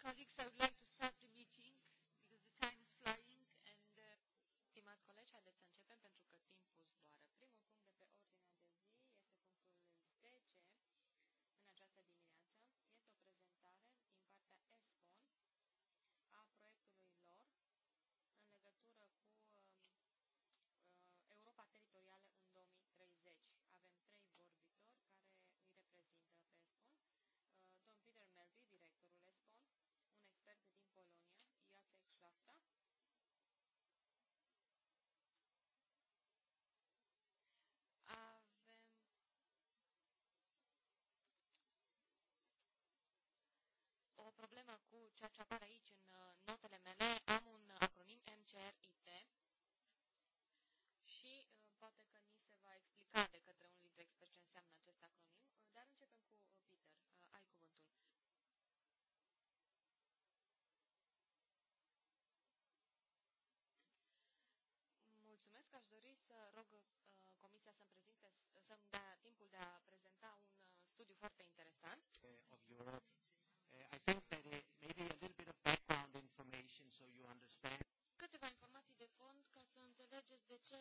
Colleagues, I would like to start the meeting because the time is flying and... Uh, stimați colegi, haideți să începem pentru că timpul zboară. Primul punct de Polonia, Jacek exact Szlachta, problemă cu ceea ce apare aici în uh, notele mele. Am un acronim MCRIT și uh, poate că ni se va explica de către un lider. you understand. Câteva informații de fond ca să înțelegeți de ce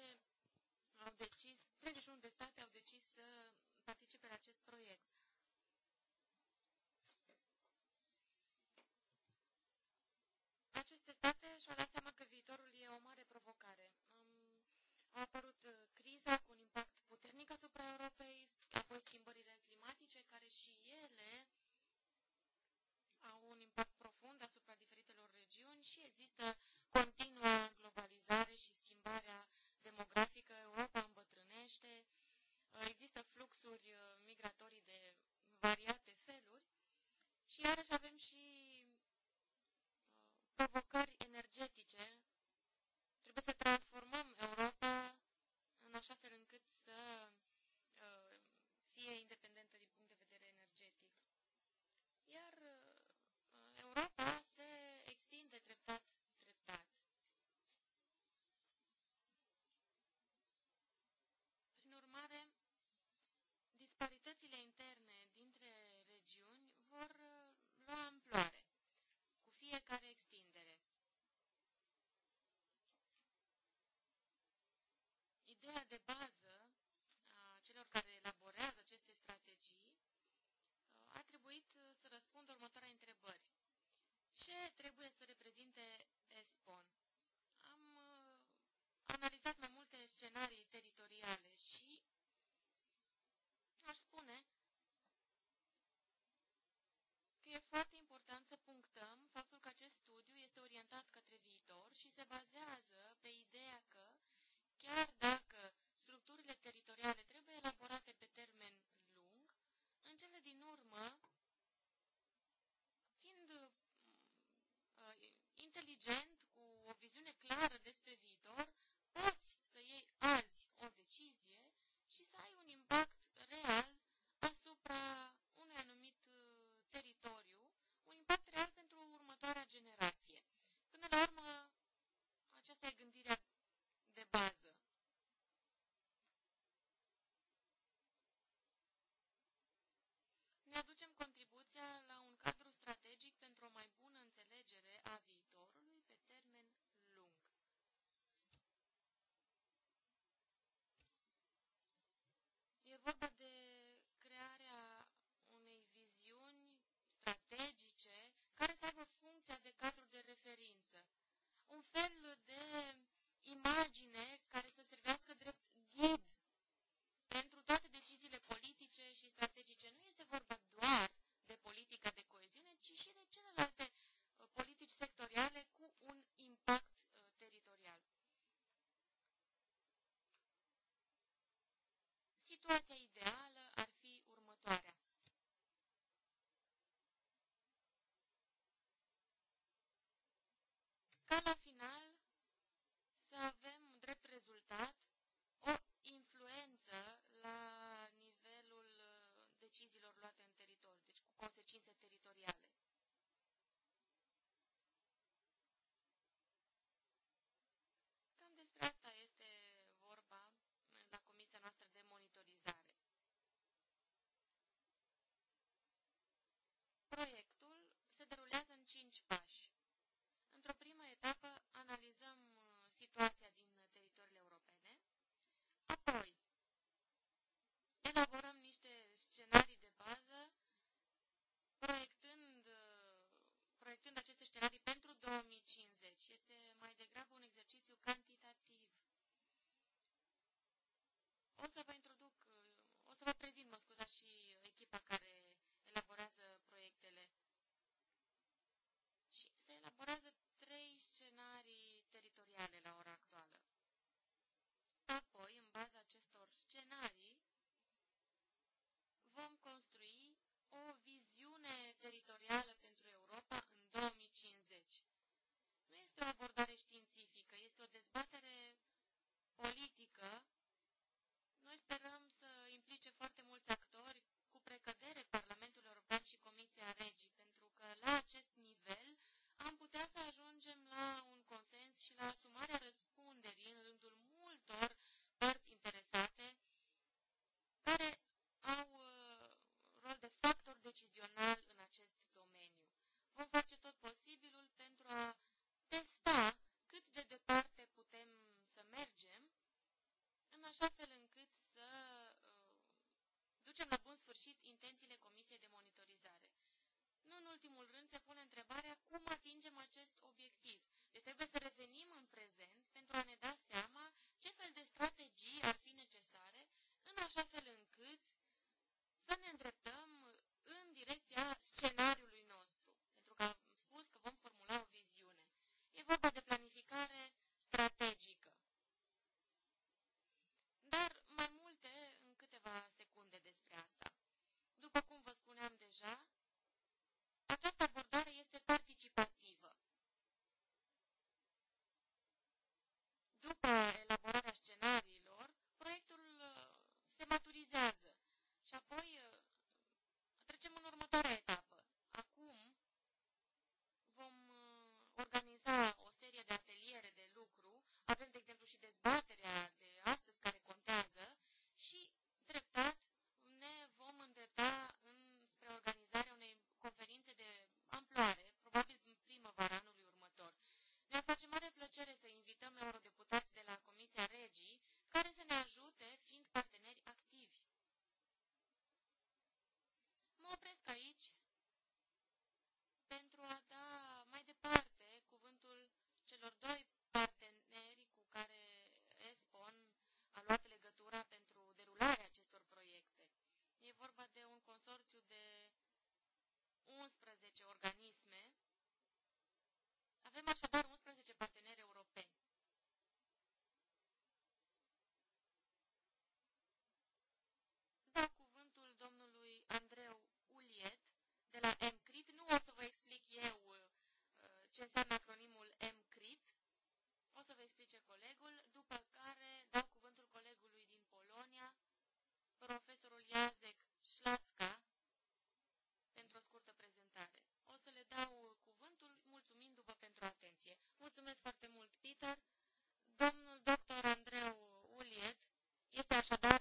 au decis, 31 de state au decis să participe la acest proiect. Aceste state și-au dat seama că viitorul e o mare provocare. Um, a apărut uh, criza cu un impact puternic asupra Europei, apoi schimbările deși există continuă globalizare și schimbarea demografică, Europa îmbătrânește, uh, există fluxuri uh, migratorii de variate feluri și iarăși avem și uh, provocări energetice. Trebuie să transformăm Scala cere să invităm eurodeputați de la Comisia Regii care să ne ajute Așadar,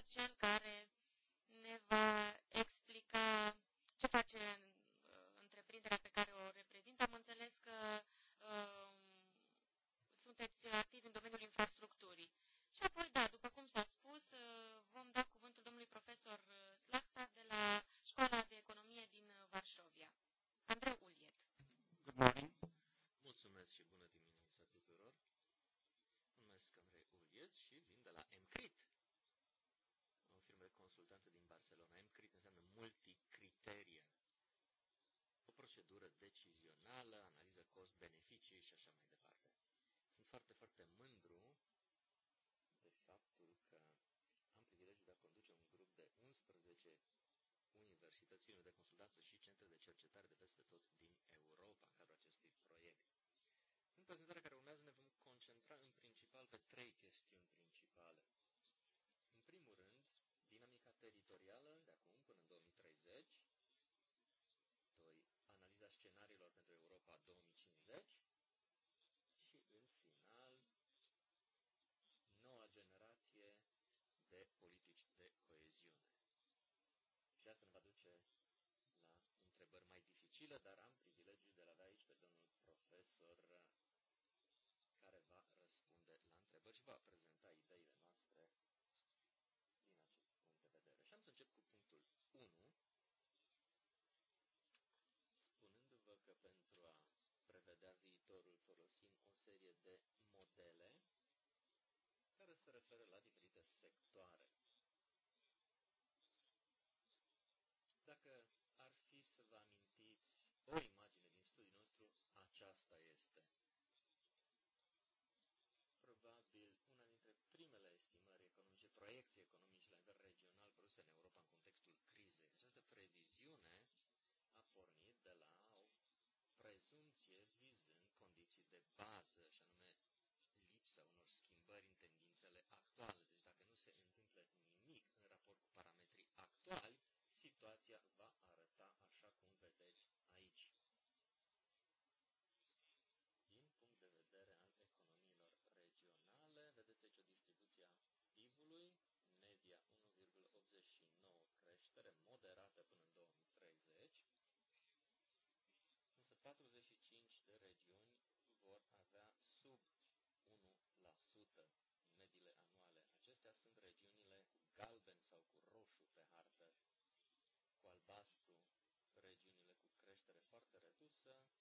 redusă,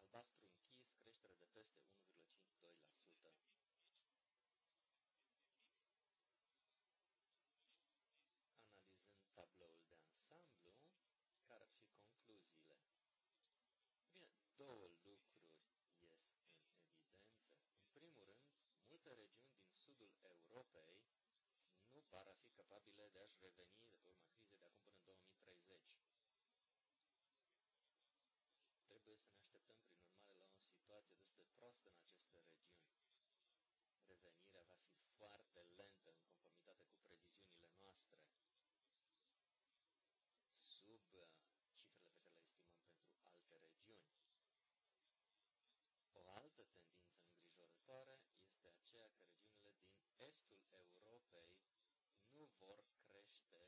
albastru închis, creștere de peste 1,52%. Analizând tabloul de ansamblu, care ar fi concluziile? Bine, două lucruri ies în evidență. În primul rând, multe regiuni din sudul Europei nu par a fi capabile de a-și reveni de pe prost în aceste regiuni. Revenirea va fi foarte lentă în conformitate cu previziunile noastre. Sub uh, cifrele pe care le estimăm pentru alte regiuni. O altă tendință îngrijorătoare este aceea că regiunile din estul Europei nu vor crește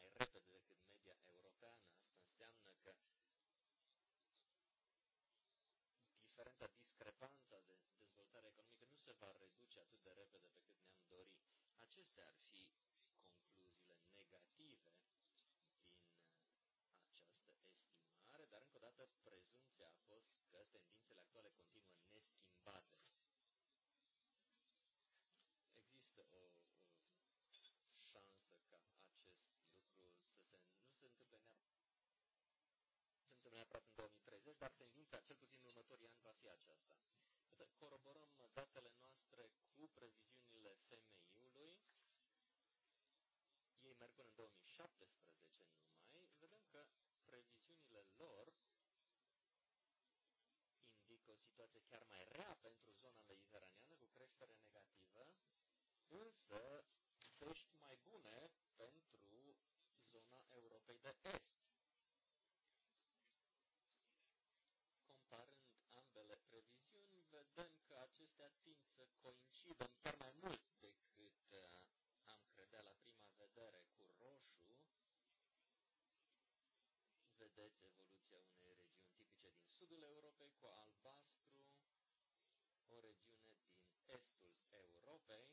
mai repede discrepanța de dezvoltare economică nu se va reduce atât de repede pe cât ne-am dorit. Acestea ar fi concluziile negative din estimare, dar încă o dată prezumția a fost că tendințele actuale continuă neschimbate. Există o, o șansă ca acest lucru să se, nu se întâmple neapărat neapărat în 2030, dar tendința, cel puțin în următorii ani, va fi aceasta. Coroborăm datele noastre cu previziunile femeiului. Ei merg până în 2017 numai. Vedem că previziunile lor indică o situație chiar mai rea pentru zona mediteraneană, cu creștere negativă, însă vești mai bune pentru zona Europei de Est. decidem chiar mai mult decât uh, am credea la prima vedere cu roșu, vedeți evoluția unei regiuni tipice din sudul Europei cu albastru, o regiune din estul Europei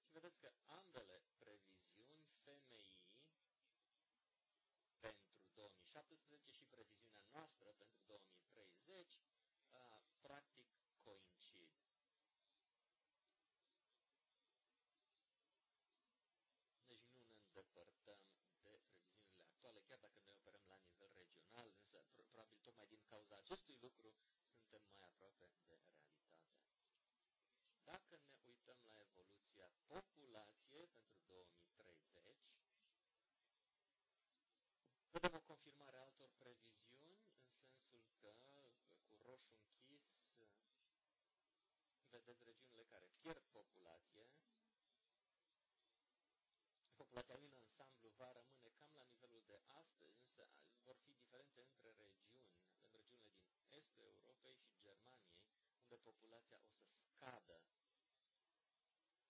și vedeți că ambele previziuni FMI pentru 2017 și previziunea noastră pentru 2030 acestui lucru suntem mai aproape de realitate. Dacă ne uităm la evoluția populației pentru 2030, vedem o confirmare a altor previziuni, în sensul că, cu roșu închis, vedeți regiunile care pierd populație, populația în ansamblu va rămâne cam la nivelul de astăzi, însă vor fi diferențe între regiuni estul Europei și Germaniei, unde populația o să scadă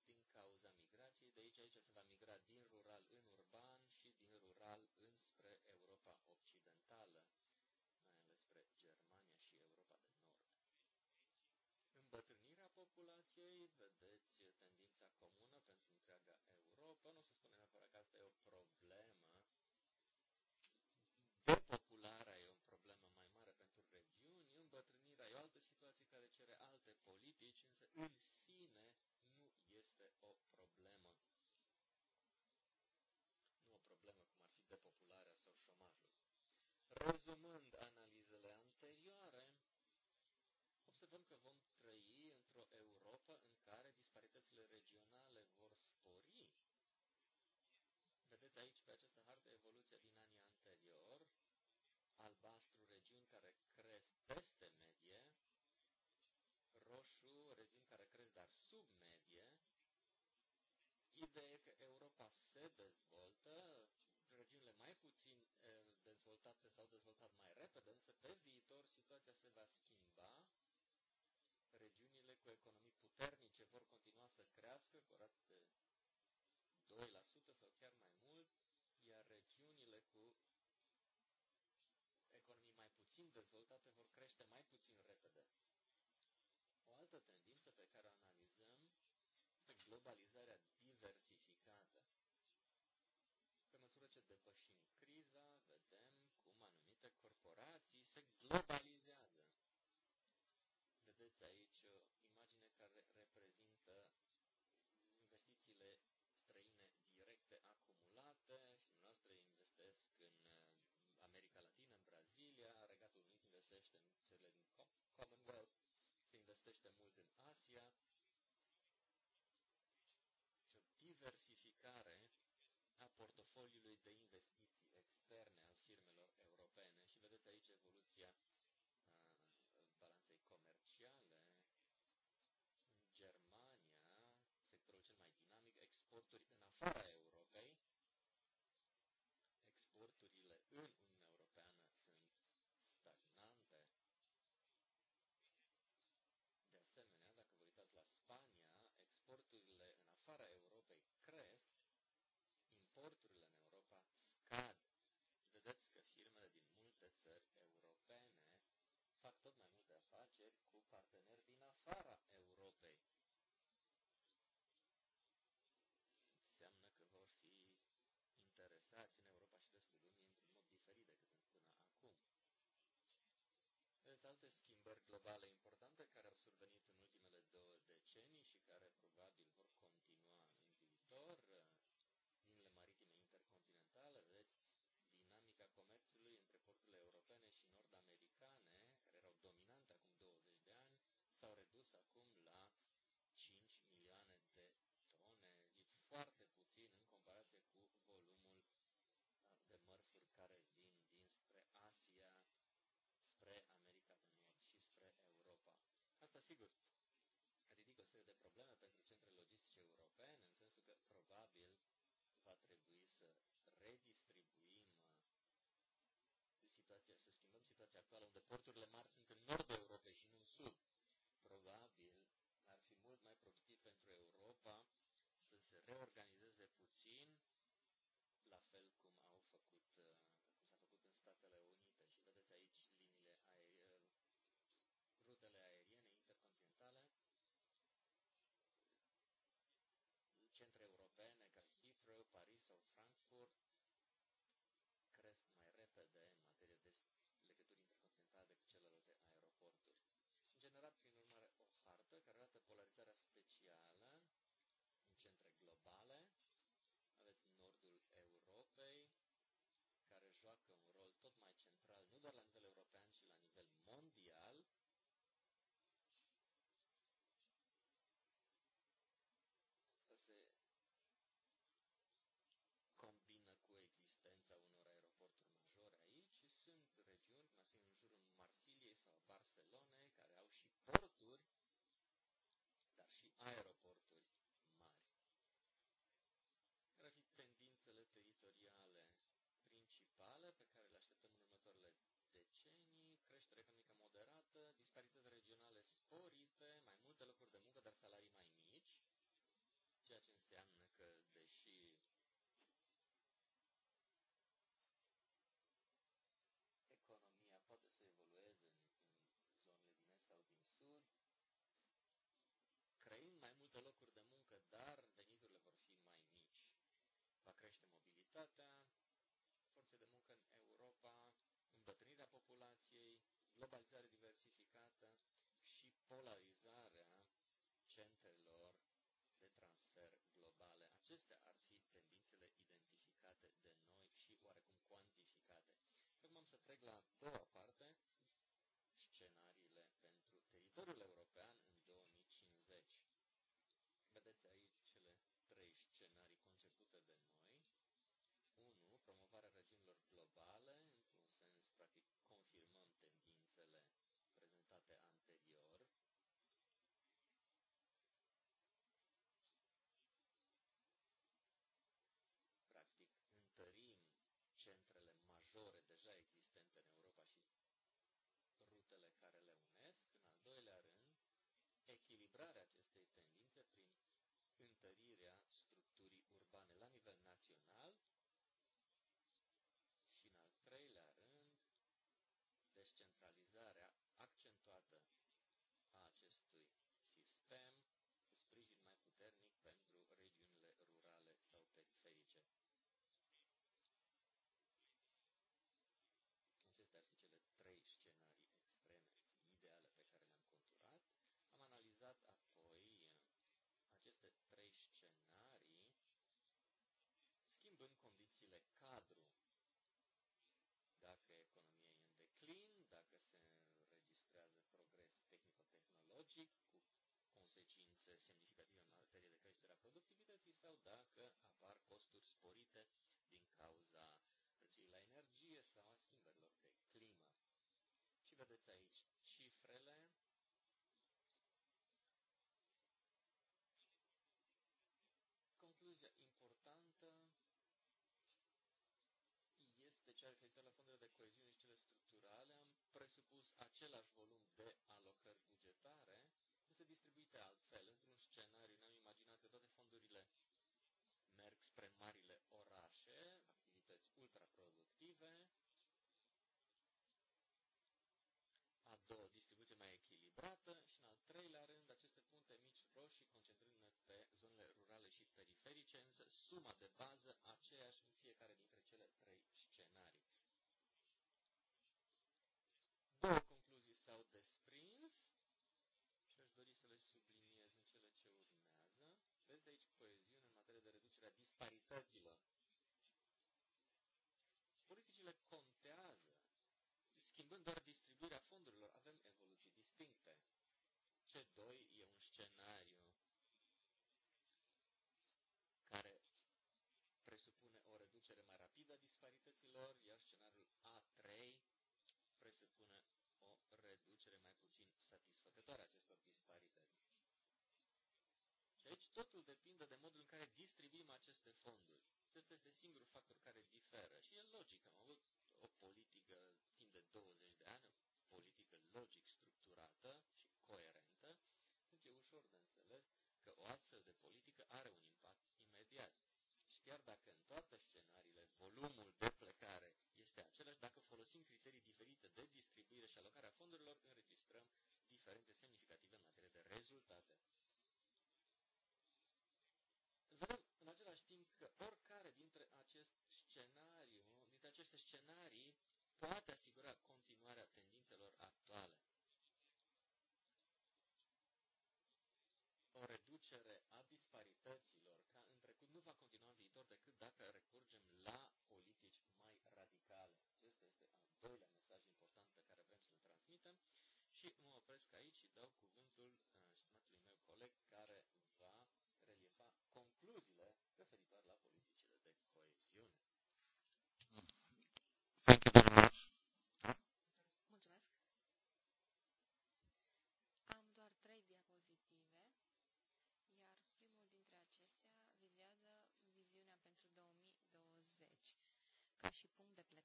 din cauza migrației. De aici, aici se va migra din rural în urban și din rural înspre Europa Occidentală, mai ales spre Germania și Europa de Nord. Îmbătrânirea populației, vedeți tendința comună pentru întreaga Europa, nu se spune neapărat că asta e o problemă de observăm că vom trăi într-o Europa în care disparitățile regionale vor spori. Vedeți aici pe această hartă evoluția din anii anterior, albastru regiuni care cresc peste medie, roșu regiuni care cresc dar sub medie, ideea că Europa se dezvoltă, regiunile mai puțin eh, dezvoltate s-au dezvoltat mai repede, însă pe viitor situația se va schimba cu economii puternice vor continua să crească cu rate de 2% sau chiar mai mult, iar regiunile cu economii mai puțin dezvoltate vor crește mai puțin repede. O altă tendință pe care o analizăm este globalizarea diversificată. Pe măsură ce depășim criza, vedem cum anumite corporații se globalizează Commonwealth, se investește mult în Asia, diversificare a portofoliului de investiții externe al firmelor europene și vedeți aici evoluția uh, balanței comerciale în Germania, sectorul cel mai dinamic, exporturi în afara Europei, exporturile în Spania exporturile în afara Europei cresc, importurile în Europa scad. Vedeți că firmele din multe țări europene fac tot mai multe afaceri cu parteneri din afara Europei. Înseamnă că vor fi interesați în Europa și restul lumii într-un mod diferit decât până acum. Vedeți alte schimbări globale importante care au survenit acum la 5 milioane de tone. E foarte puțin în comparație cu volumul uh, de mărfuri care vin dinspre Asia, spre America de Nord și spre Europa. Asta, sigur, ridică o serie de probleme pentru centrele logistice europene, în sensul că probabil va trebui să redistribuim uh, situația, să schimbăm situația actuală, unde porturile mari sunt în nordul Europei și nu în sud probabil ar fi mult mai productiv pentru Europa să se reorganizeze puțin, la fel cum au făcut, uh, cum s-a făcut în Statele Unite. Și vedeți aici liniile aer, uh, rutele aeriene intercontinentale, centre europene ca Heathrow, Paris sau arată, prin urmare, o hartă care arată polarizarea specifică sporite, mai multe locuri de muncă, dar salarii mai mici, ceea ce înseamnă că, deși economia poate să evolueze în, în zonele din est sau din sud, creând mai multe locuri de muncă, dar veniturile vor fi mai mici. Va crește mobilitatea, forțe de muncă în Europa, îmbătrânirea populației, globalizare diversificată, polarizarea centrelor de transfer globale. Acestea ar fi tendințele identificate de noi și oarecum cuantificate. Acum am să trec la a doua parte, scenariile pentru teritoriul european în 2050. Vedeți aici cele trei scenarii concepute de noi. 1. Promovarea regiunilor globale, într-un sens, practic, confirmăm tendințele prezentate anterior. politicii cu consecințe semnificative în materie de creștere a productivității sau dacă apar costuri sporite din cauza prețului la energie sau a schimbărilor de climă. Și vedeți aici cifrele Concluzia importantă este cea referitoare la fondurile de coeziune și cele structurale, am presupus același volum de gândite altfel. Într-un scenariu ne-am imaginat că toate fondurile merg spre marile orașe, activități ultraproductive. A doua, distribuție mai echilibrată și în al treilea rând, aceste punte mici roșii concentrându-ne pe zonele rurale și periferice, însă suma de bază aceeași în fiecare dintre aici coeziune în materie de a disparităților. Politicile contează. Schimbând doar distribuirea fondurilor, avem evoluții distincte. C2 e un scenariu Totul depinde de modul în care distribuim aceste fonduri. Acesta este singurul factor care diferă și e logic. Am avut o politică timp de 20 de ani, o politică logic structurată și coerentă, deci e ușor de înțeles că o astfel de politică are un impact imediat. Și chiar dacă în toate scenariile volumul de plecare este același, dacă folosim criterii diferite de distribuire și alocarea fondurilor, înregistrăm diferențe semnificative în materie de rezultate vedem în același timp că oricare dintre acest scenariu, dintre aceste scenarii poate asigura continuarea tendințelor actuale. O reducere a disparităților ca în trecut nu va continua în viitor decât dacă recurgem la politici mai radicale. Acesta este al doilea mesaj important pe care vrem să-l transmitem și mă opresc aici și dau cuvântul plecare.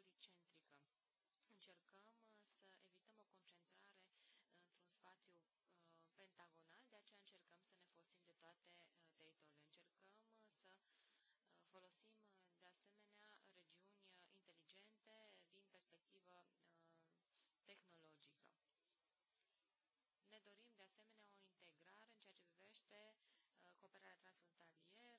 policentrică. Încercăm uh, să evităm o concentrare într-un spațiu uh, pentagonal, de aceea încercăm să ne folosim de toate uh, teritoriile. Încercăm să folosim, de asemenea, regiuni inteligente din perspectivă tehnologică. Ne dorim, de asemenea, o integrare în ceea ce privește cooperarea transfrontalieră,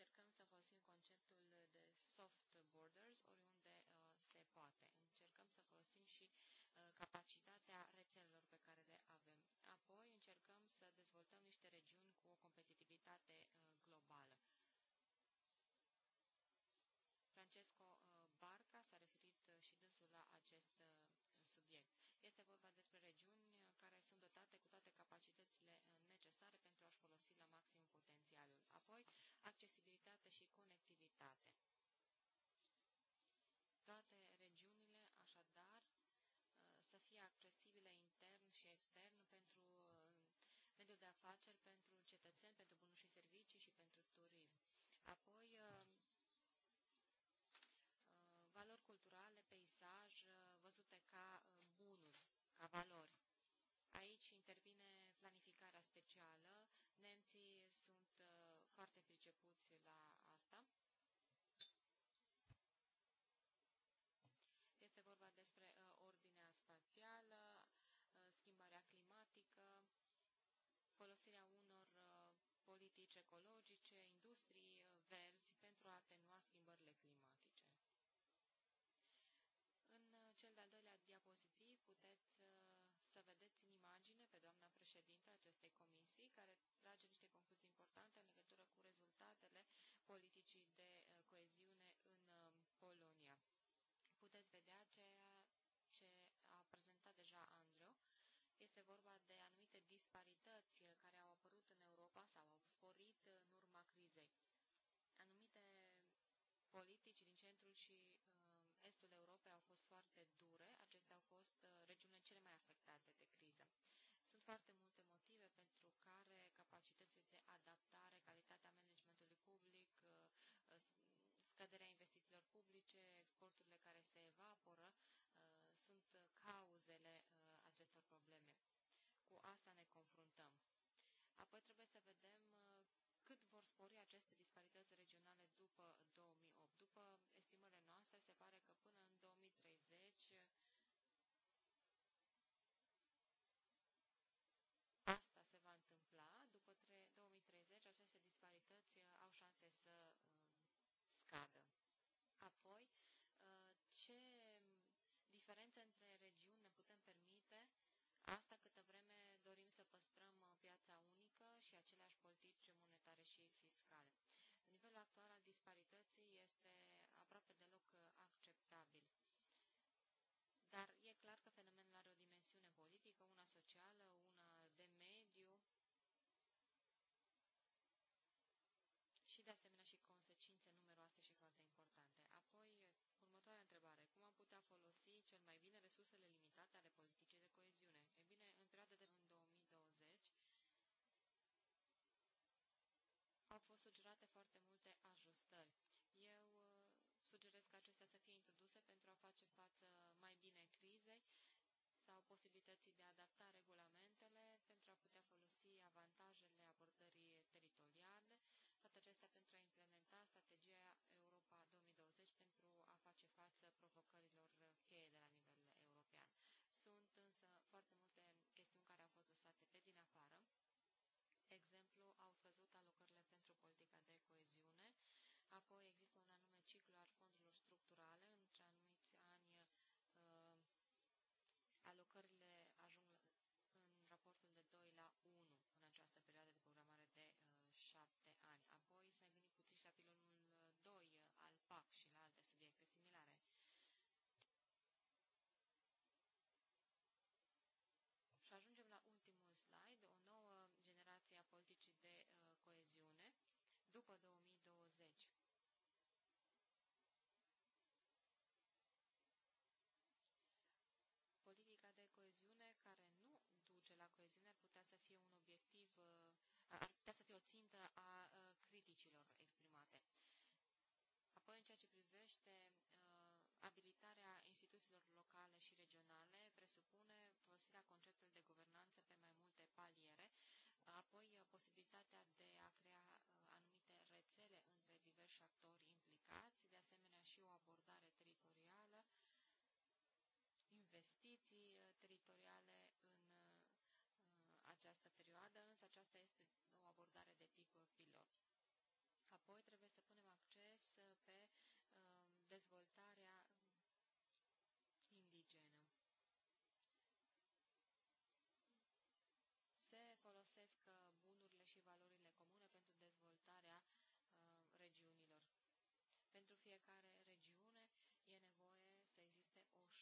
încercăm să folosim conceptul de soft borders oriunde uh, se poate. Încercăm să folosim și uh, capacitatea rețelelor pe care le avem. Apoi încercăm să dezvoltăm niște regiuni cu o competitivitate uh, globală. Francesco uh, Barca s-a referit uh, și dânsul la acest uh, subiect. Este vorba despre regiuni care sunt dotate cu toate capacitățile necesare pentru a-și folosi la maxim potențialul. Apoi, accesibilitate și conectivitate. Toate regiunile, așadar, uh, să fie accesibile intern și extern pentru uh, mediul de afaceri, pentru cetățeni, pentru bunuri și servicii și pentru turism. Apoi, uh, valori culturale, peisaj, văzute ca bunuri, ca valori. Aici intervine planificarea specială. Nemții sunt foarte pricepuți la asta. Este vorba despre uh, ordinea spațială, uh, schimbarea climatică, folosirea unor uh, politici ecologice, industrii verzi pentru a atenua schimbările climatice. În cel de-al doilea diapozitiv puteți să vedeți în imagine pe doamna președinte acestei comisii, care trage niște concluzii importante în legătură politicii de eh, coeziune în eh, Polonia. Puteți vedea ceea ce a prezentat deja Andrew. Este vorba de anumite disparități eh, care au apărut în Europa sau au sporit în urma crizei. Anumite politici din centrul și estul Europei au fost foarte dure, acestea au fost regiunile cele mai afectate de criză. Sunt foarte multe motive pentru care capacitățile de adaptare scăderea investițiilor publice, exporturile care se evaporă, uh, sunt cauzele uh, acestor probleme. Cu asta ne confruntăm. Apoi trebuie să vedem uh, cât vor spori aceste disparități regionale după 2008. După ce mm, diferențe între regiuni ne putem permite, asta câtă vreme dorim să păstrăm uh, piața unică și aceleași politici monetare și fiscale. Nivelul actual al disparității este aproape deloc uh, acceptabil. Dar e clar că fenomenul are o dimensiune politică, una socială, una de mediu și de asemenea și sugerate foarte multe ajustări. Eu uh, sugerez ca acestea să fie introduse pentru a face față mai bine crizei sau posibilității de a adapta regulamentele pentru a putea folosi avantajele abordării teritoriale, toate acestea pentru a implementa strategia Europa 2020 pentru a face față provocărilor cheie de la nivel european. Sunt însă foarte multe Apoi există un anume ciclu al fondurilor structurale, între anumiți ani uh, alocările ajung în raportul de 2 la 1. privește uh, abilitarea instituțiilor locale și regionale, presupune folosirea conceptului de guvernanță pe mai multe paliere, apoi uh, posibilitatea de a crea uh, anumite rețele între diversi actori implicați, de asemenea și o abordare teritorială, investiții teritoriale în această perioadă, însă aceasta este o abordare de tip pilot. Apoi trebuie să punem accent dezvoltarea indigenă. Se folosesc uh, bunurile și valorile comune pentru dezvoltarea uh, regiunilor. Pentru fiecare regiune e nevoie să existe o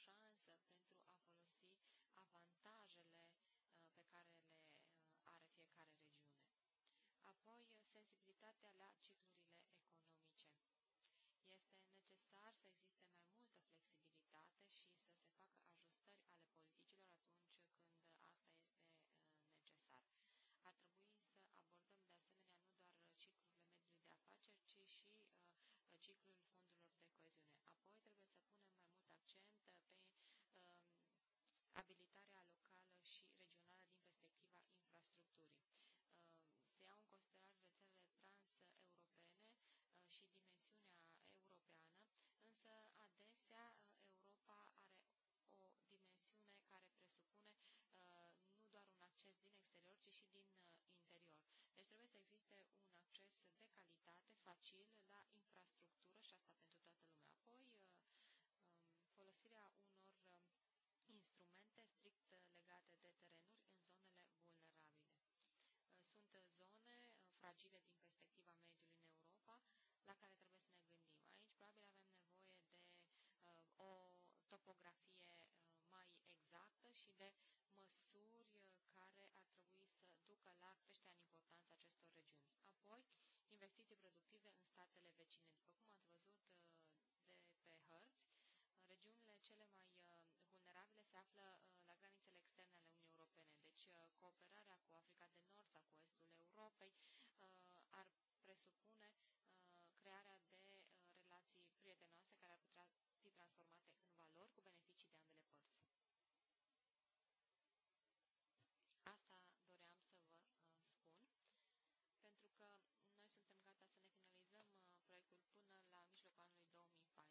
șansă pentru a folosi avantajele uh, pe care le are fiecare regiune. Apoi, sensibilitatea la cicluri și uh, uh, ciclul fondurilor de coeziune. Apoi trebuie să punem mai mult accent uh, pe uh, abilitarea locală și regională din perspectiva infrastructurii. Uh, se iau în considerare rețelele transeuropene uh, și dimensiunea europeană, însă adesea uh, Europa are o dimensiune care presupune uh, nu doar un acces din exterior, ci și din uh, interior. Deci trebuie să existe un acces de calitate, facil, la infrastructură și asta pentru toată lumea. Apoi, uh, um, folosirea unor um, instrumente strict uh, legate de terenuri în zonele vulnerabile. Uh, sunt zone fragile din perspectiva mediului în Europa la care trebuie să ne gândim. Aici probabil avem nevoie de o topografie mai exactă și de măsuri care ar trebui să ducă la creșterea în importanța acestor regiuni. Apoi, investiții productive în statele vecine. După cum ați văzut uh, de pe hărți, regiunile cele mai uh, vulnerabile se află uh, la granițele externe ale Uniunii Europene, deci cooperarea cu Africa de Nord sau cu estul Europei ar presupune crearea de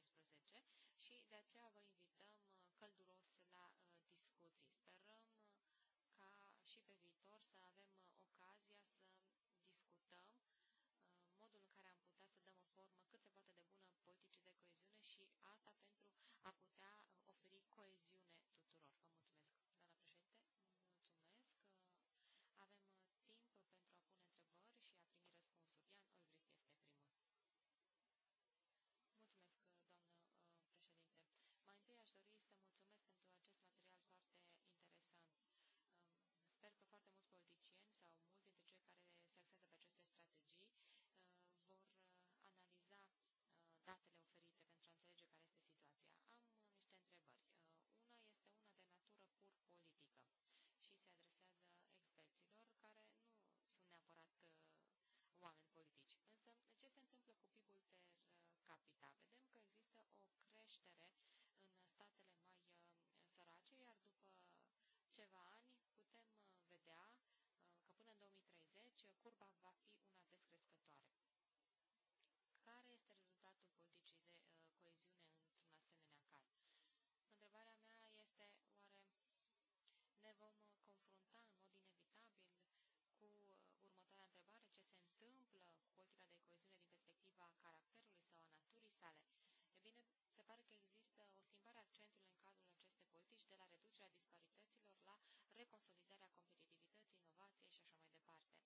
2016 și de aceea vă invităm uh, călduros la uh, discuții. Sperăm uh, ca și pe viitor să avem ocazia să discutăm modul în care am putea să dăm o formă cât se poate de bună politicii de coeziune și asta pentru a putea sunt neapărat uh, oameni politici. Însă, ce se întâmplă cu PIB-ul per uh, capita? Vedem că există o creștere în statele mai uh, sărace, iar după ceva ani putem vedea că până în 2030 curba va fi una descrescătoare. Care este rezultatul politicii de coeziune în asupra caracterului sau a naturii sale. E bine, se pare că există o schimbare a accentului în cadrul acestei politici de la reducerea disparităților la reconsolidarea competitivității, inovației și așa mai departe.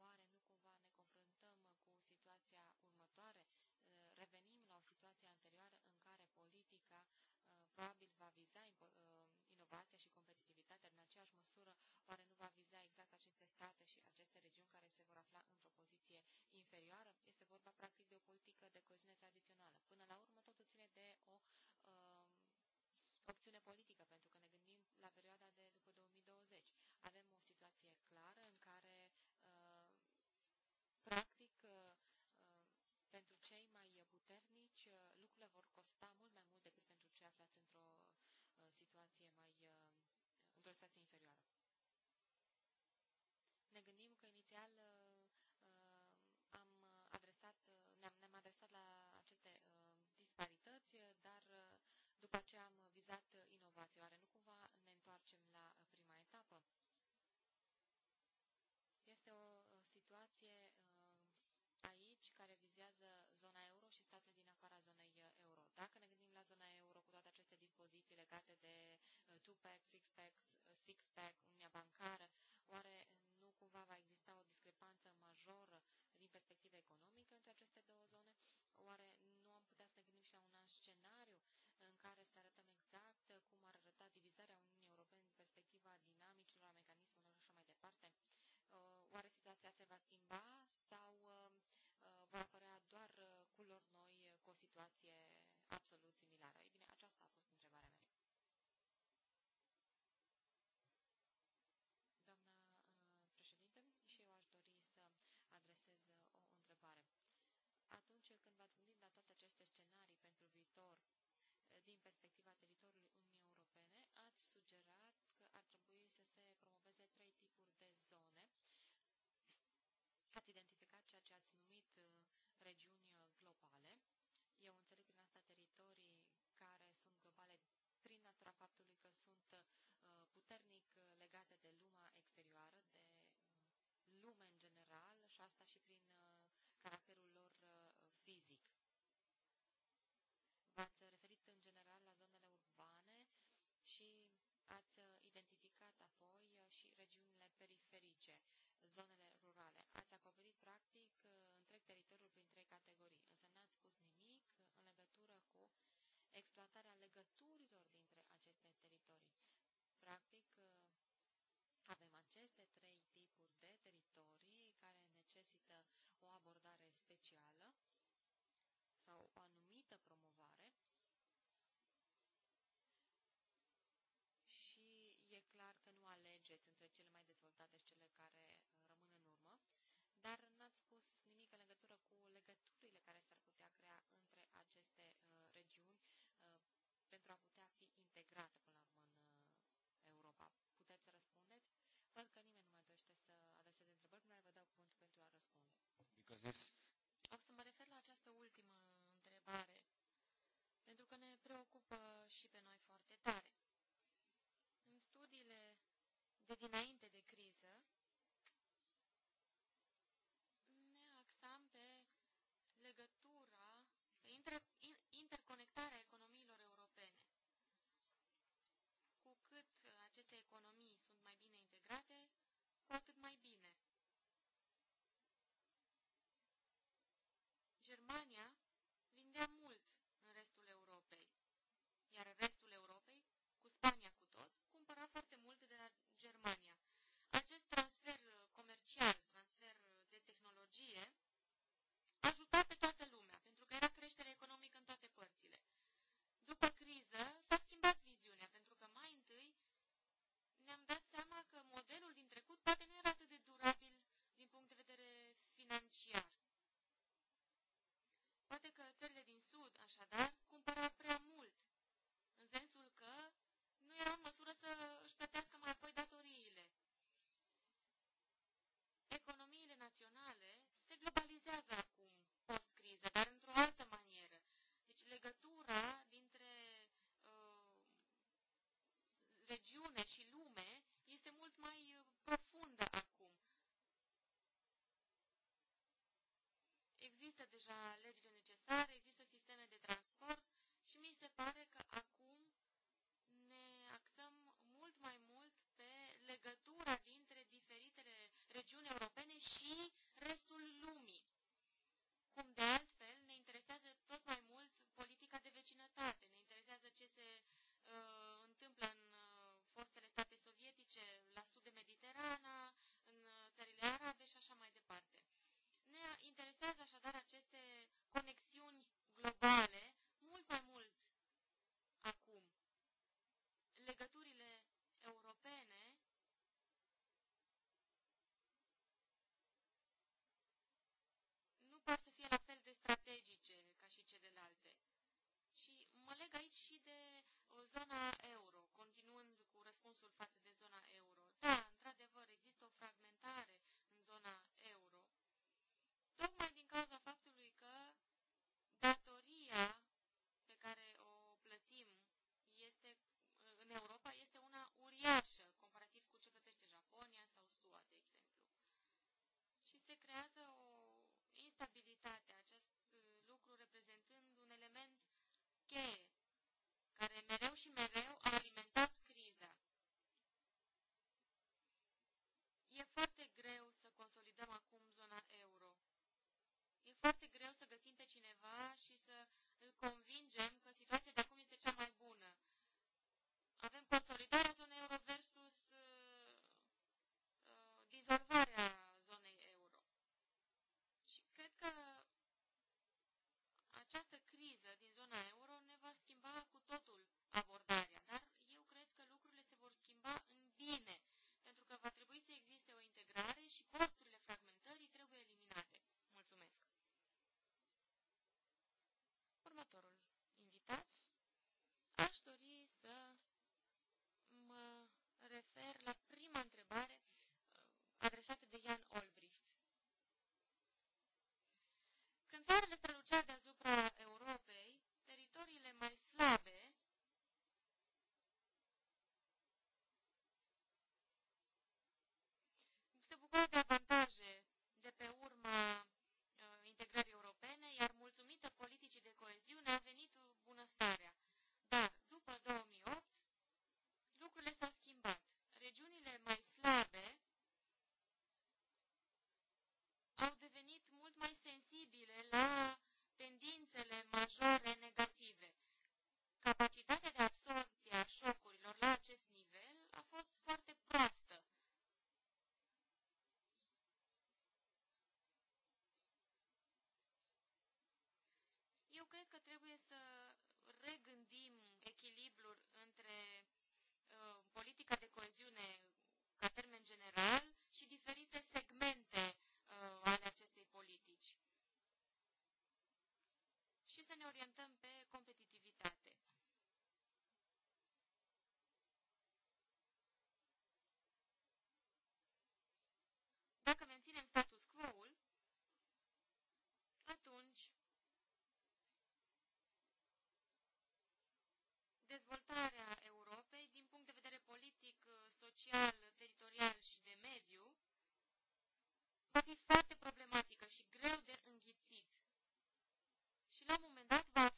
Oare nu cumva ne confruntăm cu situația următoare? Revenim la o situație anterioară în care politica probabil va viza inovația și competitivitatea în aceeași măsură, oare nu va viza exact aceste state și aceste regiuni care se vor afla într-o poziție inferioară? vorba practic de o politică de coziune tradițională. Până la urmă, totul ține de o uh, opțiune politică, pentru că ne gândim la perioada de după 2020. Avem o situație clară în care, uh, practic, uh, uh pentru cei mai puternici, uh, lucrurile vor costa mult mai mult decât pentru cei aflați într-o uh, situație mai, uh, într-o situație inferioară. Dacă ne gândim la zona euro cu toate aceste dispoziții legate de uh, two-pack, six-pack, uh, six-pack, Uniunea Bancară, oare nu cumva va exista o discrepanță majoră din perspectivă economică între aceste două zone? Oare nu am putea să ne gândim și la un alt scenariu în care să arătăm exact uh, cum ar arăta divizarea Uniunii Europene din perspectiva dinamicilor, a mecanismelor și așa mai departe? Oare situația se va schimba sau va apărea doar culori noi cu o situație absolut similară. Ei bine, aceasta a fost întrebarea mea. Uh, președinte, și eu aș dori să adresez uh, o întrebare. Atunci când uh, din perspectiva teritoriului Uniunii Europene, ați sugerat că ar trebui să se promoveze trei tipuri de zone. Ați identificat ceea ce ați numit regiuni globale. Eu înțeleg sunt globale prin natura faptului că sunt uh, puternic uh, legate de lumea exterioară, de uh, lume în general și asta și prin caracterul lor fizic. V-ați referit în general la zonele urbane și ați identificat apoi și regiunile periferice, zonele rurale. Ați acoperit practic întreg teritoriul prin trei categorii exploatarea legăturilor dintre aceste teritorii. Practic, avem aceste trei tipuri de teritorii care necesită o abordare specială sau o anumită promovare și e clar că nu alegeți între cele mai dezvoltate și cele care rămân în urmă, dar n-ați spus nimic în legătură cu pentru a putea fi integrată până la urmă în uh, Europa. Puteți să răspundeți? Văd că nimeni nu mai dorește să adreseze întrebări, nu vă dau cuvântul pentru a răspunde. O să mă refer la această ultimă întrebare, pentru că ne preocupă și pe noi foarte tare. În studiile de dinainte de criză, regiune și lume mereu Dacă menținem status quo-ul, atunci dezvoltarea Europei, din punct de vedere politic, social, teritorial și de mediu, va fi foarte problematică și greu de înghițit. Și la un moment dat va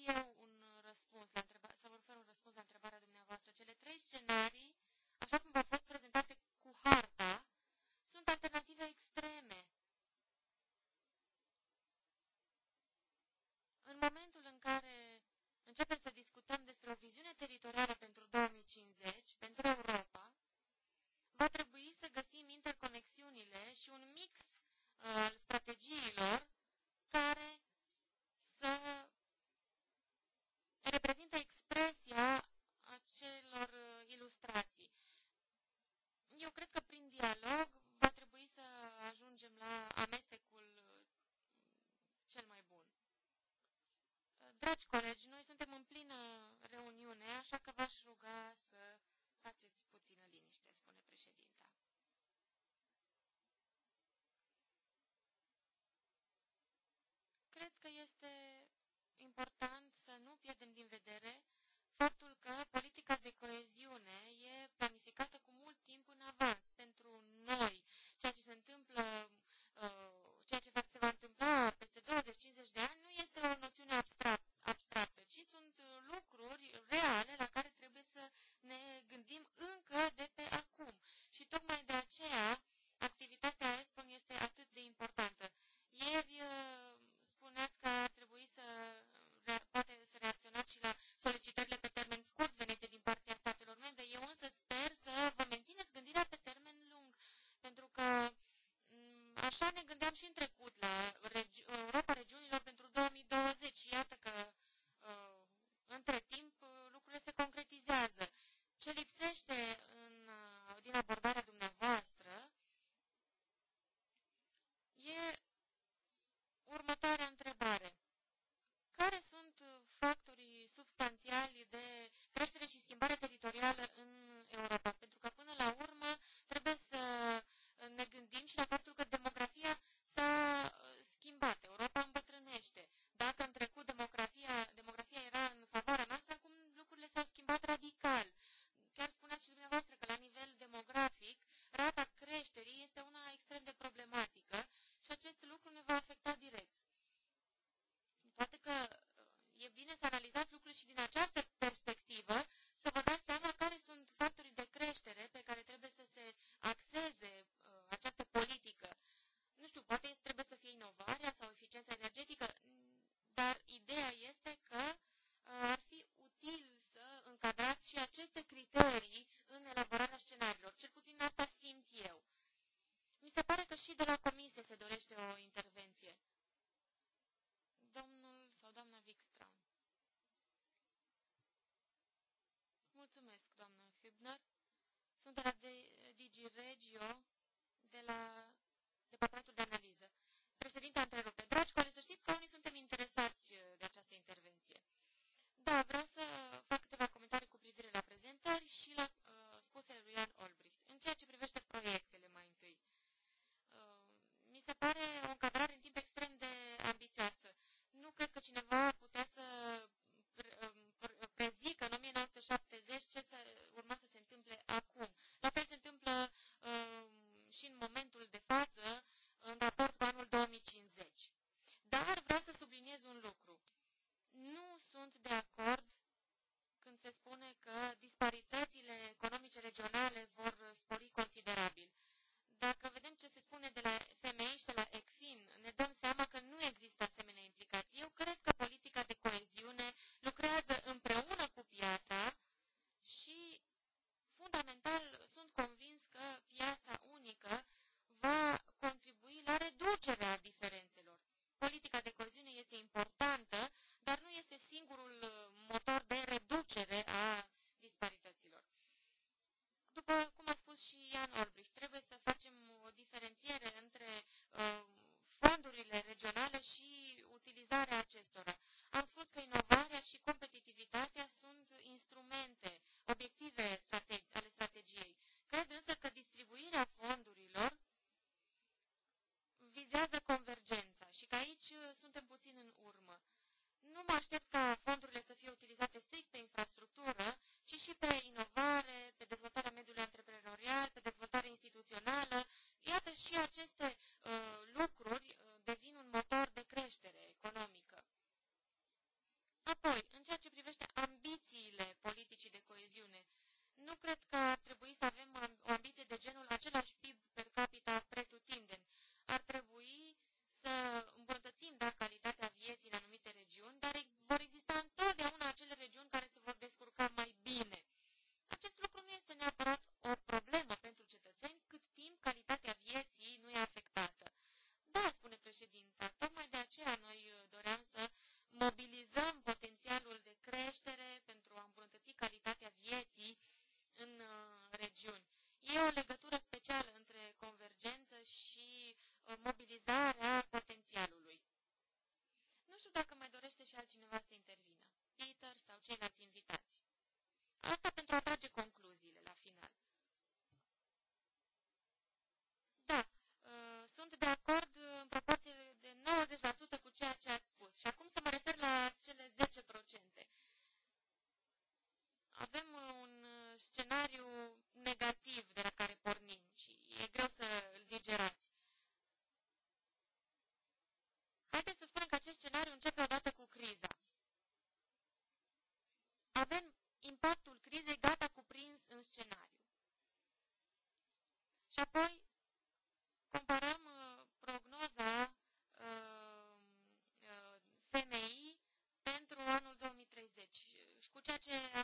și eu uh, nu mă aștept ca face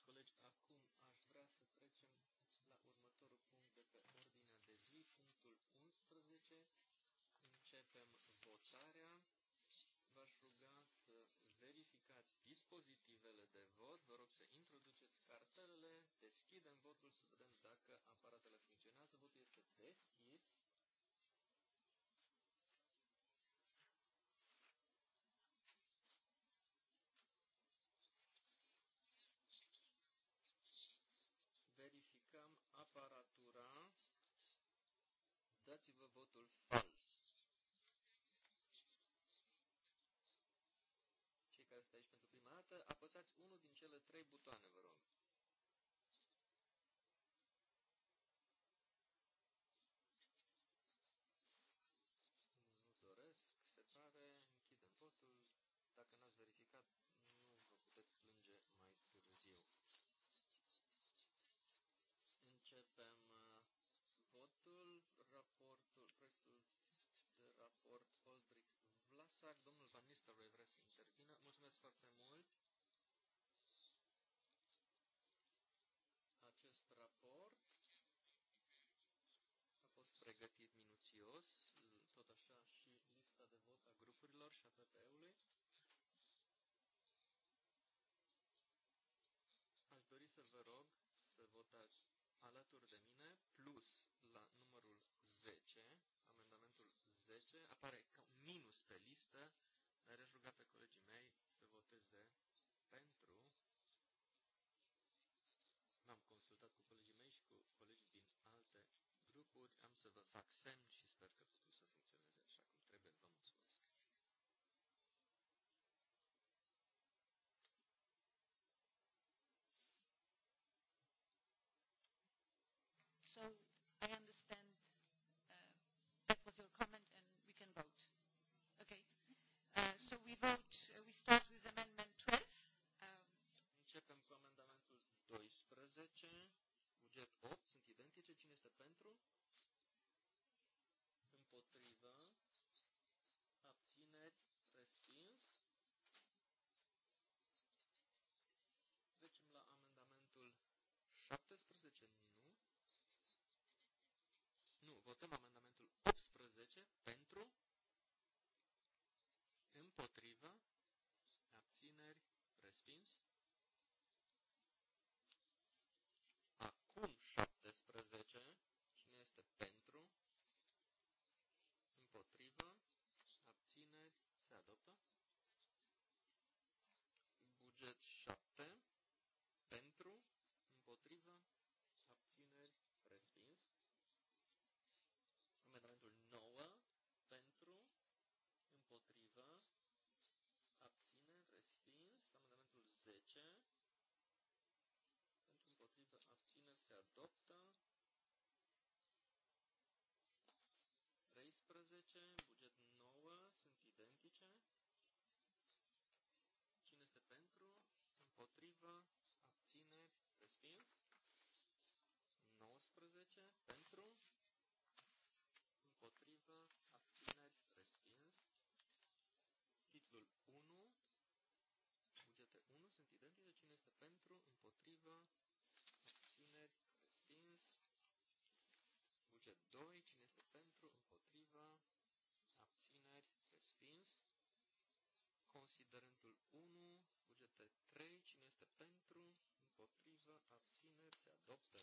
Stimați colegi, acum aș vrea să trecem la următorul punct de pe ordinea de zi, punctul 11. Începem votarea. V-aș ruga să verificați dispozitivele de vot. Vă rog să introduceți cartelele, deschidem votul să vedem dacă aparatele funcționează. Votul este deschis. Dați-vă votul fals. Cei care sunt aici pentru prima dată, apăsați unul din cele trei butoane, vă rog. Or, Oldrich Vlasac. Domnul Van Nistelrooy vrea să intervină. Mulțumesc foarte mult. Acest raport a fost pregătit minuțios, tot așa și lista de vot a grupurilor și a PP-ului. Aș dori să vă rog să votați alături de mine, plus la numărul 12 apare ca un minus pe listă, dar aș ruga pe colegii mei să voteze pentru. M-am consultat cu colegii mei și cu colegii din alte grupuri. Am să vă fac semn și sper că totul să funcționeze așa cum trebuie. Vă mulțumesc! So we vote, uh, we start with amendment 12. Um, Începem cu amendamentul 12, buget 8, sunt identice, cine este pentru? Împotrivă, abțineri, respins. Trecem la amendamentul 17, nu. Nu, votăm amendamentul 18, pentru, Împotrivă. Abțineri. Respins. Acum 17. Cine este pentru? Împotrivă. Abțineri. Se adoptă. Buget 7. adoptă. 13, buget 9, sunt identice. Cine este pentru? Împotrivă, abțineri, respins. 19, pentru, împotrivă, abțineri, respins. Titlul 1, bugete 1 sunt identice, cine este pentru, împotrivă, 2. Cine este pentru? Împotriva. Abțineri. Respins. Considerentul 1. Bugete 3. Cine este pentru? Împotriva. Abțineri. Se adoptă.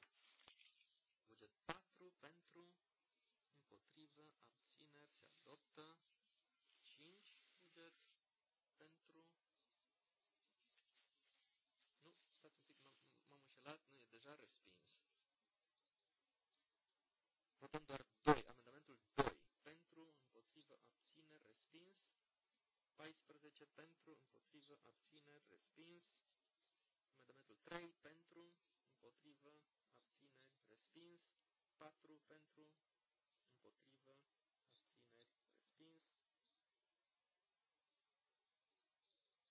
Buget 4. Pentru. împotriva Abțineri. Se adoptă. 5. Buget pentru... Nu, stați un pic, m-am înșelat, nu, e deja respins. Votăm doar 2. Amendamentul 2. Pentru, împotrivă, abțineri, respins. 14. Pentru, împotrivă, abțineri, respins. Amendamentul 3. Pentru, împotrivă, abțineri, respins. 4. Pentru, împotrivă, abțineri, respins.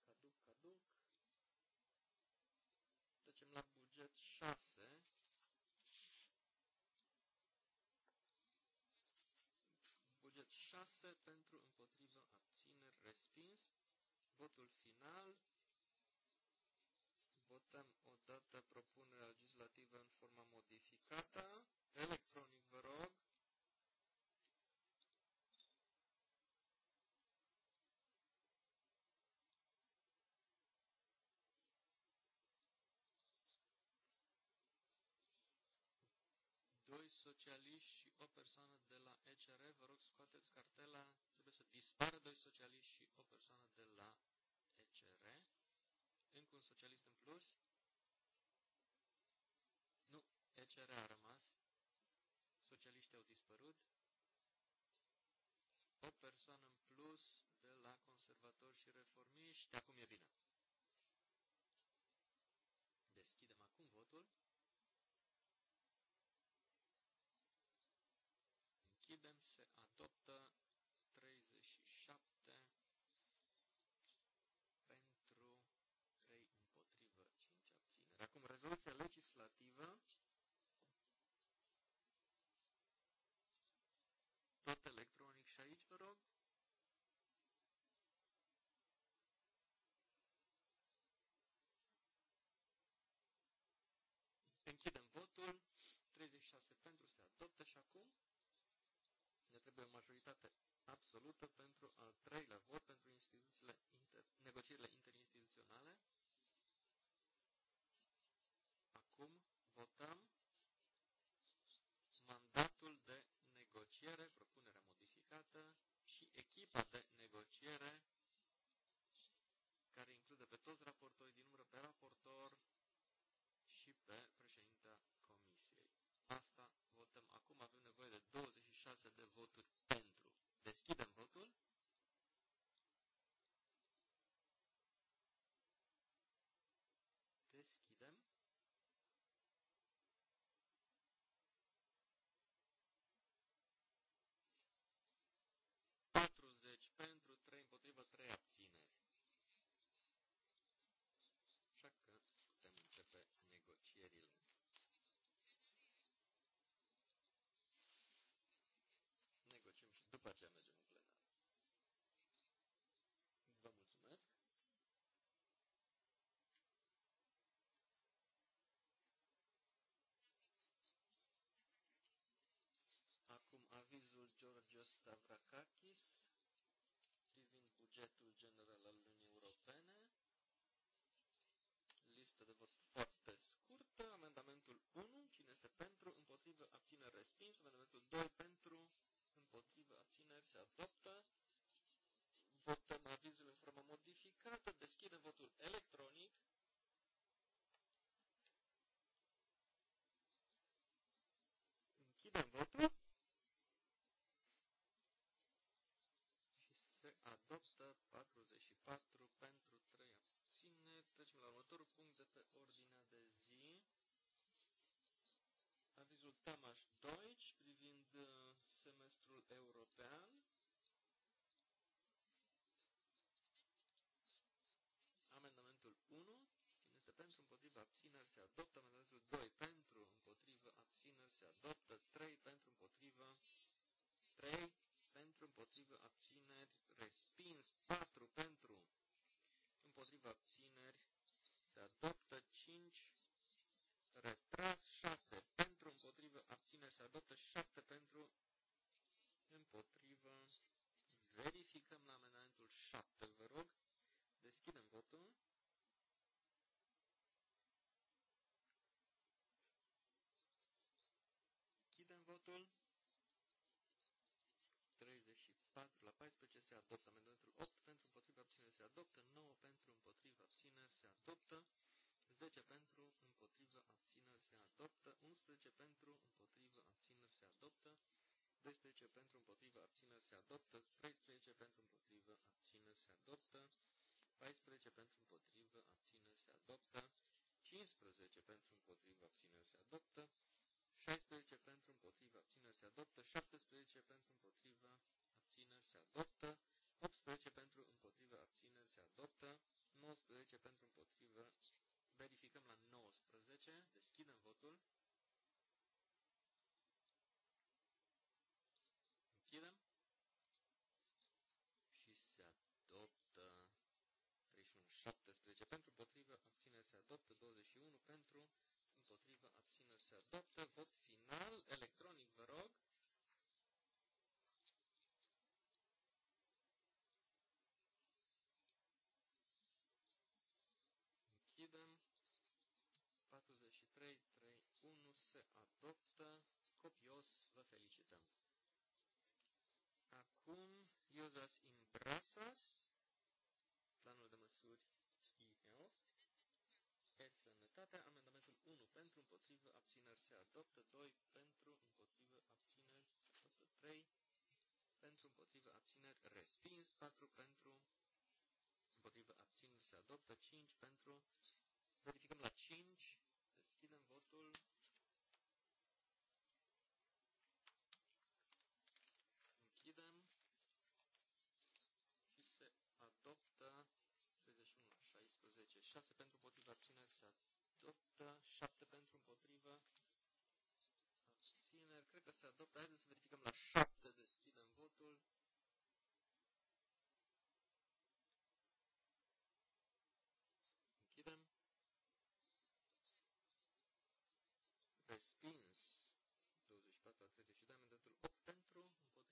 Caduc, caduc. Trecem la buget 6. 6 pentru împotrivă abțineri respins. Votul final. Votăm odată propunerea legislativă în forma modificată. Electronic. socialiști și o persoană de la ECR. Vă rog, scoateți cartela. Trebuie să dispară doi socialiști și o persoană de la ECR. Încă un socialist în plus. Nu, ECR a rămas. Socialiștii au dispărut. O persoană în plus de la conservatori și reformiști. Acum e bine. Deschidem acum votul. rezoluția legislativă tot electronic și aici, vă rog. Închidem votul. 36 pentru se adoptă și acum ne trebuie o majoritate absolută pentru al treilea vot pentru instituțiile inter, negocierile interinstituționale. toți raportorii din umbră, pe raportor și pe președinta comisiei. Asta votăm acum. Avem nevoie de 26 de voturi pentru. Deschidem votul. Georgios Stavrakakis privind bugetul general al Uniunii Europene. Listă de vot foarte scurtă. Amendamentul 1. Cine este pentru? Împotrivă? Abțineri? Respins. Amendamentul 2. Pentru? Împotrivă? Abțineri? Se adoptă. Votăm avizul în formă modificată. Deschidem votul electronic. Închidem votul. 844 pentru 3 abține. Trecem la următorul punct de pe ordinea de zi. Avizul Tamaș Deutsch privind uh, semestrul european. Amendamentul 1. Cine este pentru, împotriva, abțineri, se adoptă. Amendamentul 2. Pentru, împotriva, abțineri, se adoptă. 3. Pentru, împotriva, 3. Pentru, împotriva, abțineri respins, 4 pentru, împotriva abțineri, se adoptă 5, retras 6 pentru, împotriva abțineri, se adoptă 7 pentru, împotriva, verificăm la amendamentul 7, vă rog, deschidem votul. Închidem votul. adoptă, 10 pentru, împotrivă, abțineri se adoptă, 11 pentru, împotrivă, abțineri se adoptă, 12 pentru, împotrivă, abțineri se adoptă, 13 pentru, împotrivă, abțineri se adoptă, 14 pentru, împotrivă, abțineri se adoptă, 15 pentru, împotrivă, abțineri se adoptă, 16 pentru, împotrivă, abțineri se adoptă, 17 pentru, împotrivă, abțineri se adoptă, 18 pentru, împotrivă, abțineri se adoptă, 19 pentru împotrivă. Verificăm la 19. Deschidem votul. Închidem. Și se adoptă 31, 17 pentru împotrivă, abțineri se adoptă, 21 pentru împotrivă, abțineri se adoptă, vot final, se adoptă copios, vă felicităm. Acum, Iosas Imbrasas, planul de măsuri IEO, e sănătatea, amendamentul 1 pentru, împotrivă, abțineri se adoptă, 2 pentru, împotrivă, abțineri se adoptă, 3 pentru, împotrivă, abțineri respins, 4 pentru, împotrivă, abțineri se adoptă, 5 pentru, verificăm la 5, deschidem votul, 107 pentru împotrivă. Abțineri. Cred că se adoptă. Haideți să verificăm la 7. Deschidem votul. Închidem. Respins. 24 la 32. Amendatul 8 pentru.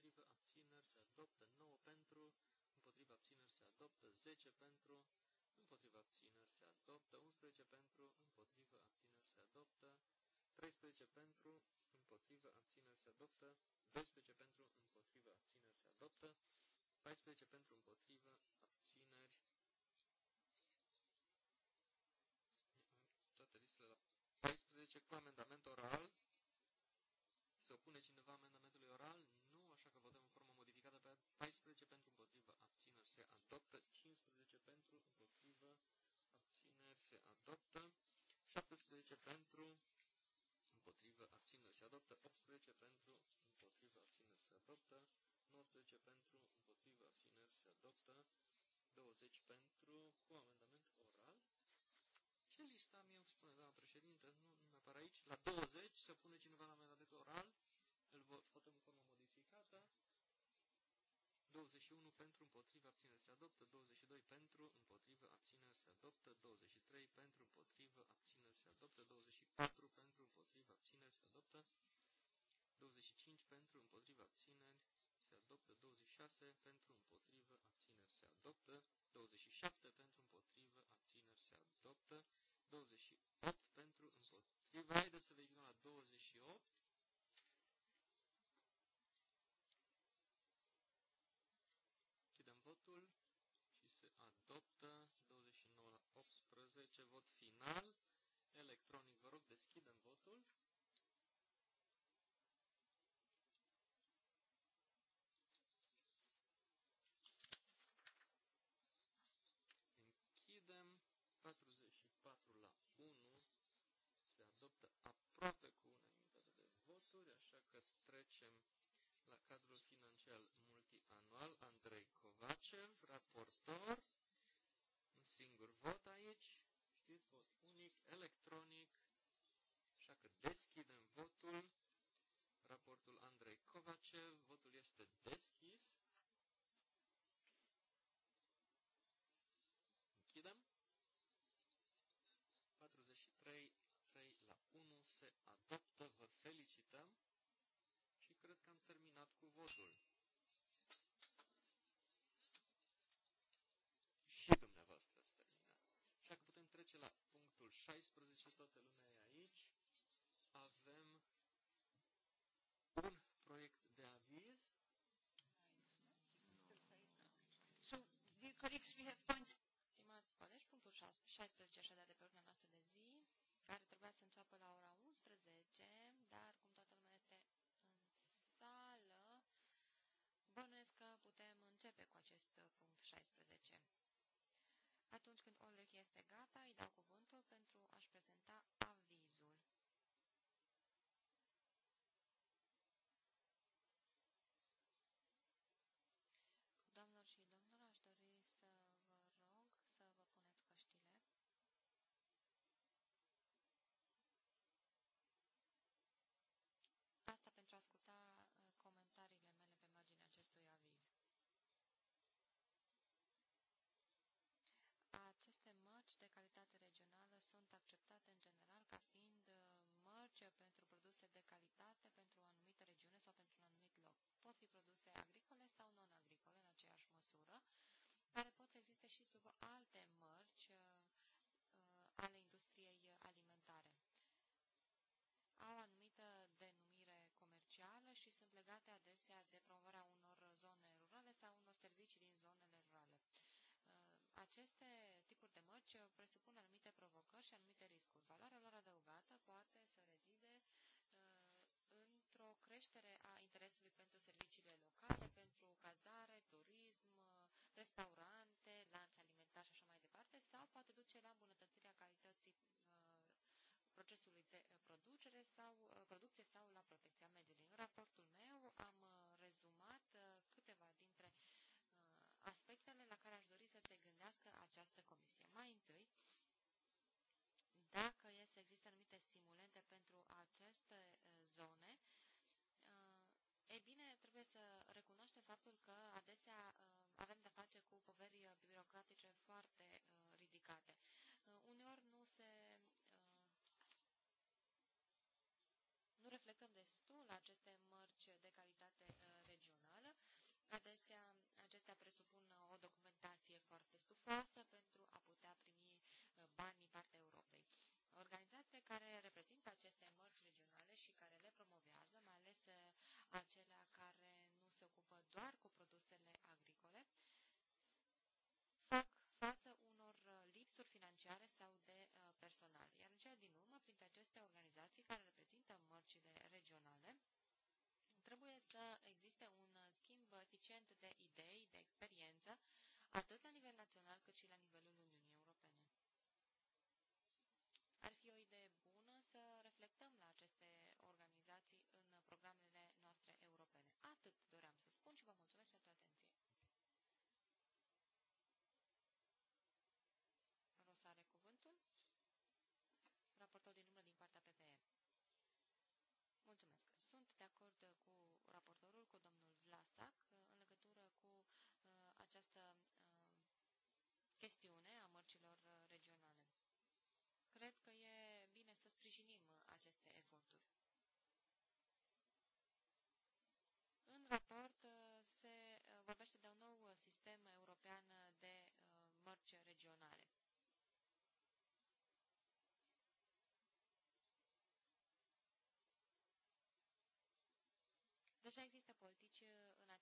Împotrivă. Abțineri. Se adoptă. 9 pentru. Împotrivă. Abțineri. Se adoptă. 10 pentru împotriva abțineri se adoptă, 11 pentru, împotriva abțineri se adoptă, 13 pentru, împotriva abțineri se adoptă, 12 pentru, împotriva abțineri se adoptă, 14 pentru, împotriva abțineri. Toate listele la 14 cu amendament oral. Se opune cineva amendament? adoptă, 17 pentru, împotrivă, abțineri se adoptă, 18 pentru, împotrivă, abțineri se adoptă, 19 pentru, împotrivă, abțineri se adoptă, 20 pentru, cu amendament oral. Ce lista mi eu, spune doamna președinte, nu, nu apare aici, la 20 să pune cineva la amendament oral, îl votăm cu modificată, 21 pentru împotriva abțineri se adoptă, 22 pentru împotriva abțineri se adoptă, 23 pentru împotriva abțineri se adoptă, 24 pentru împotriva abțineri se adoptă, 25 pentru împotriva abțineri se adoptă, 26 pentru împotriva abțineri se adoptă, 27 pentru împotriva abțineri se adoptă, 28 pentru împotriva. Haideți să vedem la 20 votul și se adoptă 29 la 18, vot final, electronic, vă rog, deschidem votul. Deschidem votul. Raportul Andrei Kovacev. Votul este deschis. Închidem. 43, 3 la 1 se adoptă. Vă felicităm și cred că am terminat cu votul. Și dumneavoastră ați terminat. Așa că putem trece la punctul 16, toată lumea. colleagues, we have fine Stimați colegi, punctul 16, așadar de pe urmă noastră de zi, care trebuia să înceapă la ora 11, dar cum toată lumea este în sală, bănuiesc că putem începe cu acest punct 16. Atunci când Olrich este gata, îi dau cuvântul pentru a-și prezenta produse de calitate pentru o anumită regiune sau pentru un anumit loc. Pot fi produse agricole sau non-agricole în aceeași măsură, care pot să existe și sub alte mărci uh, uh, ale industriei alimentare. Au anumită denumire comercială și sunt legate adesea de promovarea unor zone rurale sau unor servicii din zonele rurale. Uh, aceste tipuri de mărci presupun anumite provocări și anumite riscuri. Valoarea lor adăugată poate să creștere a interesului pentru serviciile locale, pentru cazare, turism, restaurante, lanț alimentar și așa mai departe, sau poate duce la îmbunătățirea calității uh, procesului de uh, producere sau, uh, producție sau la protecția mediului. În raportul meu am rezumat câteva dintre aspectele la care aș dori să se gândească această comisie. Mai întâi, bine, trebuie să recunoaștem faptul că adesea uh, avem de face cu poveri uh, birocratice foarte uh, ridicate. Uneori nu se nu reflectăm destul aceste mărci de calitate regională. Adesea acestea presupun o documentație foarte stufoasă, cercetare sau de uh, personal. Iar în cea din urmă, printre aceste organizații care reprezintă mărcile regionale, trebuie să existe un uh, schimb eficient de idei, de experiență, atât la nivel național cât și la nivelul Uniunii sunt de acord uh, cu raportorul, cu domnul Vlasac, uh, în legătură cu uh, această chestiune a mărcilor regionale. Cred că e bine să sprijinim aceste eforturi. În raport se vorbește de un nou sistem european de mărci regionale.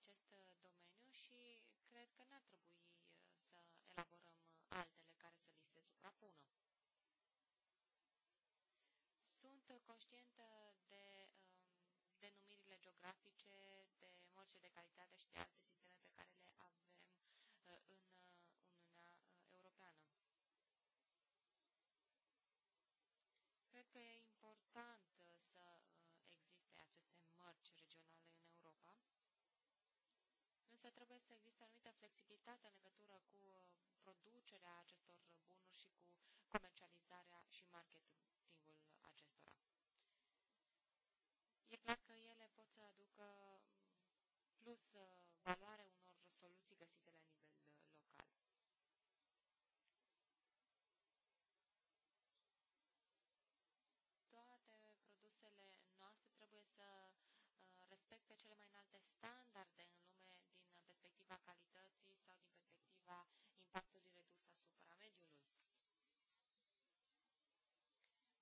acest uh, domeniu și cred că n-ar trebui uh, să elaborăm uh, altele care să li se suprapună. Sunt conștientă de um, denumirile geografice, de morce de calitate și de alte sisteme pe care le avem în Uniunea Europeană. Cred că e important însă trebuie să existe o anumită flexibilitate în legătură cu uh, producerea acestor bunuri și cu comercializarea și marketingul acestora. E clar că ele pot să aducă mm, plus uh, valoare unor soluții găsite la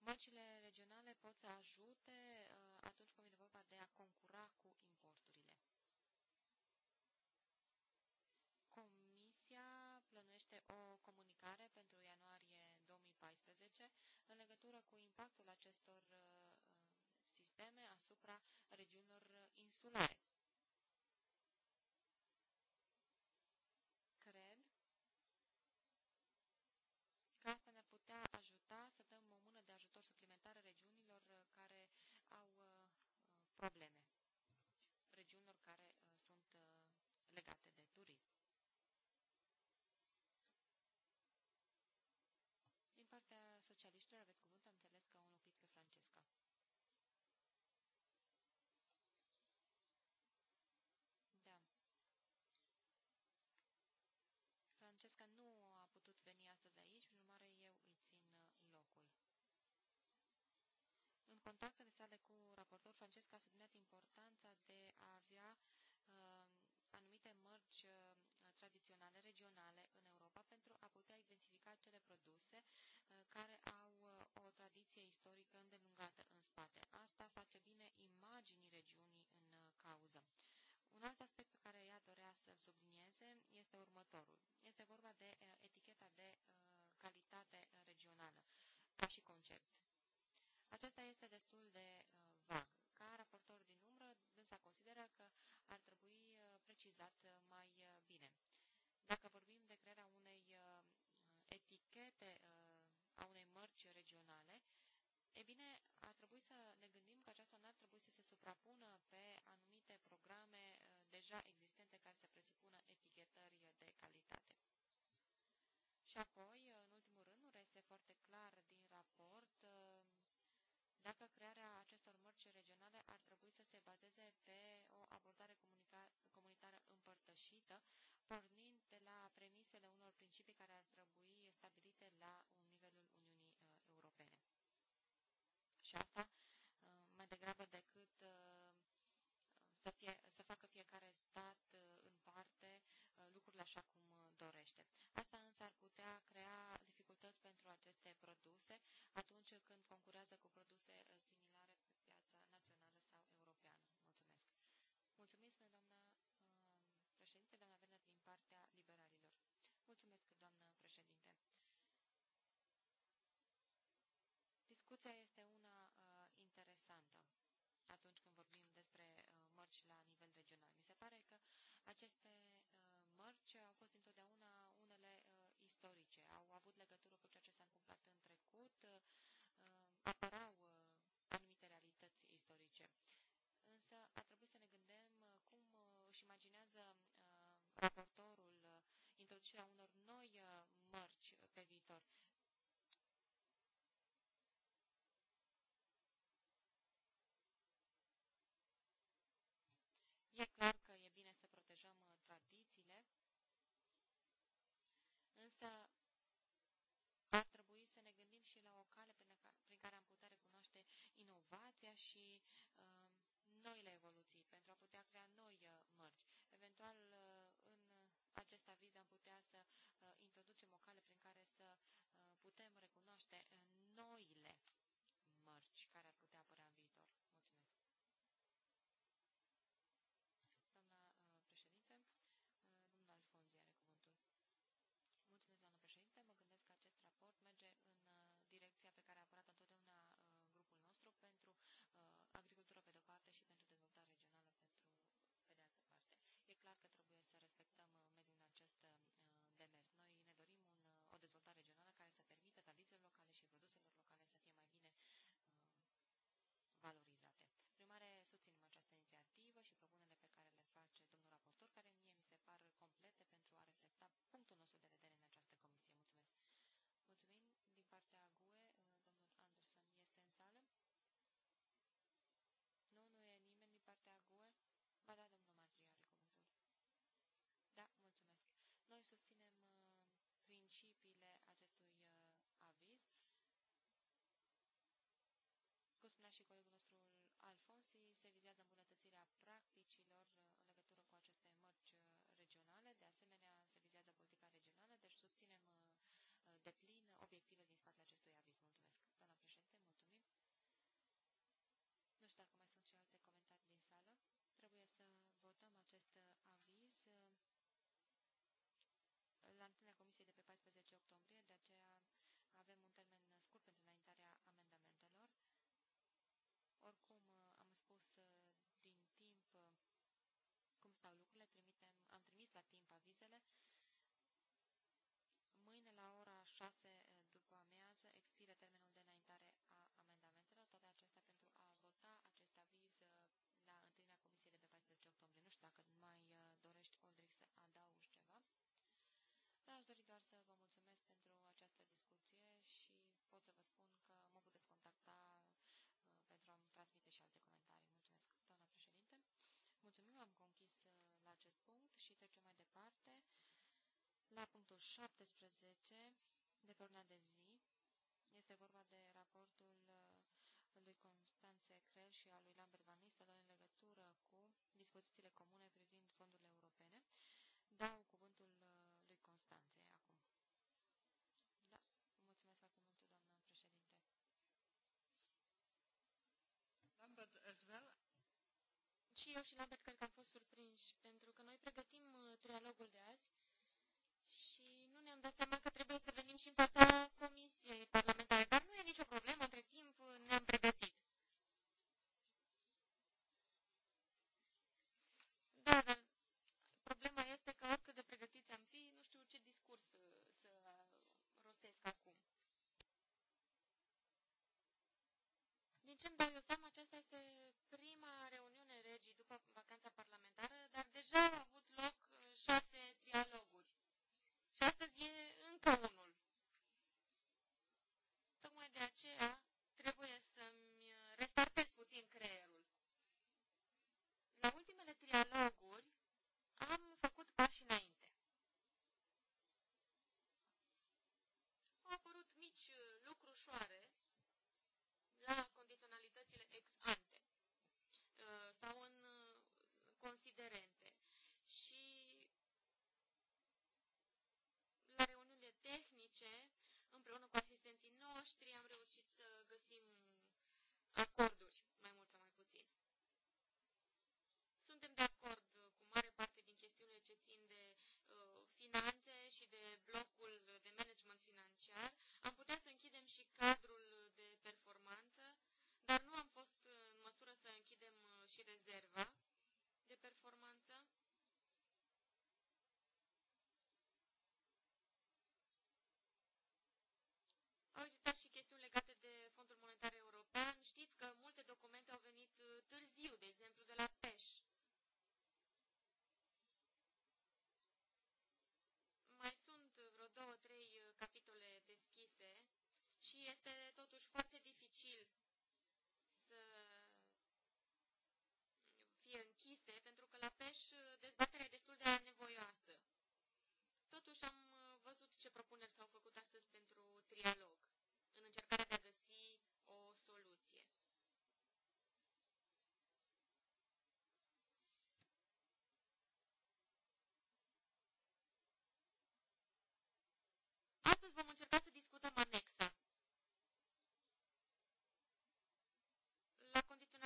Băncile regionale pot să ajute uh, atunci când vine vorba de a concura cu importurile. Comisia plănuiește o comunicare pentru ianuarie 2014 în legătură cu impactul acestor uh, sisteme asupra regiunilor insulare. probleme. contactele sale cu raportor Francesca a subliniat importanța de a avea uh, anumite mărci uh, tradiționale, regionale în Europa, pentru a putea identifica cele produse uh, care au uh, o tradiție istorică îndelungată în spate. Asta face bine imaginii regiunii în uh, cauză. Un alt aspect pe care ea dorea să sublinieze este următorul. Este vorba de uh, eticheta de uh, calitate regională, ca și concept. Acesta este destul de uh, vag. Ca raportor din umbră, dânsa consideră că ar trebui uh, precizat uh, mai bine. Dacă vorbim de crearea unei etichete a unei mărci regionale, e bine, ar trebui să ne gândim că aceasta n-ar trebui să se suprapună pe anumite programe deja existente care să presupună etichetări de calitate. Și apoi, în ultimul rând, nu reiese foarte clar din dacă crearea acestor mărci regionale ar trebui să se bazeze pe o abordare comunitară împărtășită, pornind de la premisele unor principii care ar trebui stabilite la nivelul Uniunii uh, Europene. Și asta uh, mai degrabă decât uh, să, fie, să facă fiecare stat în parte lucrurile așa cum dorește. Asta produse atunci când concurează cu produse uh, similare pe piața națională sau europeană. Mulțumesc. Mulțumim, spre doamna um, președinte, doamna Werner, din partea liberalilor. Mulțumesc, doamnă președinte. Discuția este una uh, interesantă atunci când vorbim despre uh, mărci la nivel regional. Mi se pare că aceste uh, mărci au fost întotdeauna unele uh, istorice, au avut legătură cu ceea ce apărau uh, anumite realități istorice. Însă ar trebui să ne gândim uh, cum uh, își imaginează raportorul introducerea unor noi mărci pe viitor. E clar că și uh, noile evoluții, pentru a putea crea noi uh, mărci. Eventual, uh, în acest aviz am putea să introducem o cale prin care să putem recunoaște noile și se vizează îmbunătățirea din timp cum stau lucrurile, trimitem, am trimis la timp avizele. Mâine la ora 6 eh, după amiază expiră termenul de înaintare a amendamentelor, toate acestea pentru a vota acest aviz eh, la întâlnirea comisiei de 14 octombrie. Nu știu dacă mai eh, dorești, Oldric, să adaugi ceva. Dar aș dori doar să vă mulțumesc pentru această discuție și pot să vă spun departe, la punctul 17 de pe urna de zi, este vorba de raportul uh, lui Constanțe Crel și al lui Lambert Van Nistelrooy în legătură cu dispozițiile comune privind fondurile europene. Dau cuvântul uh, lui Constanțe acum. Da, mulțumesc foarte mult, doamnă președinte. Lambert as well și eu și Lambert cred că am fost surprinși, pentru că noi pregătim uh, trialogul de azi și nu ne-am dat seama că trebuie să venim și în fața Comisiei Parlamentare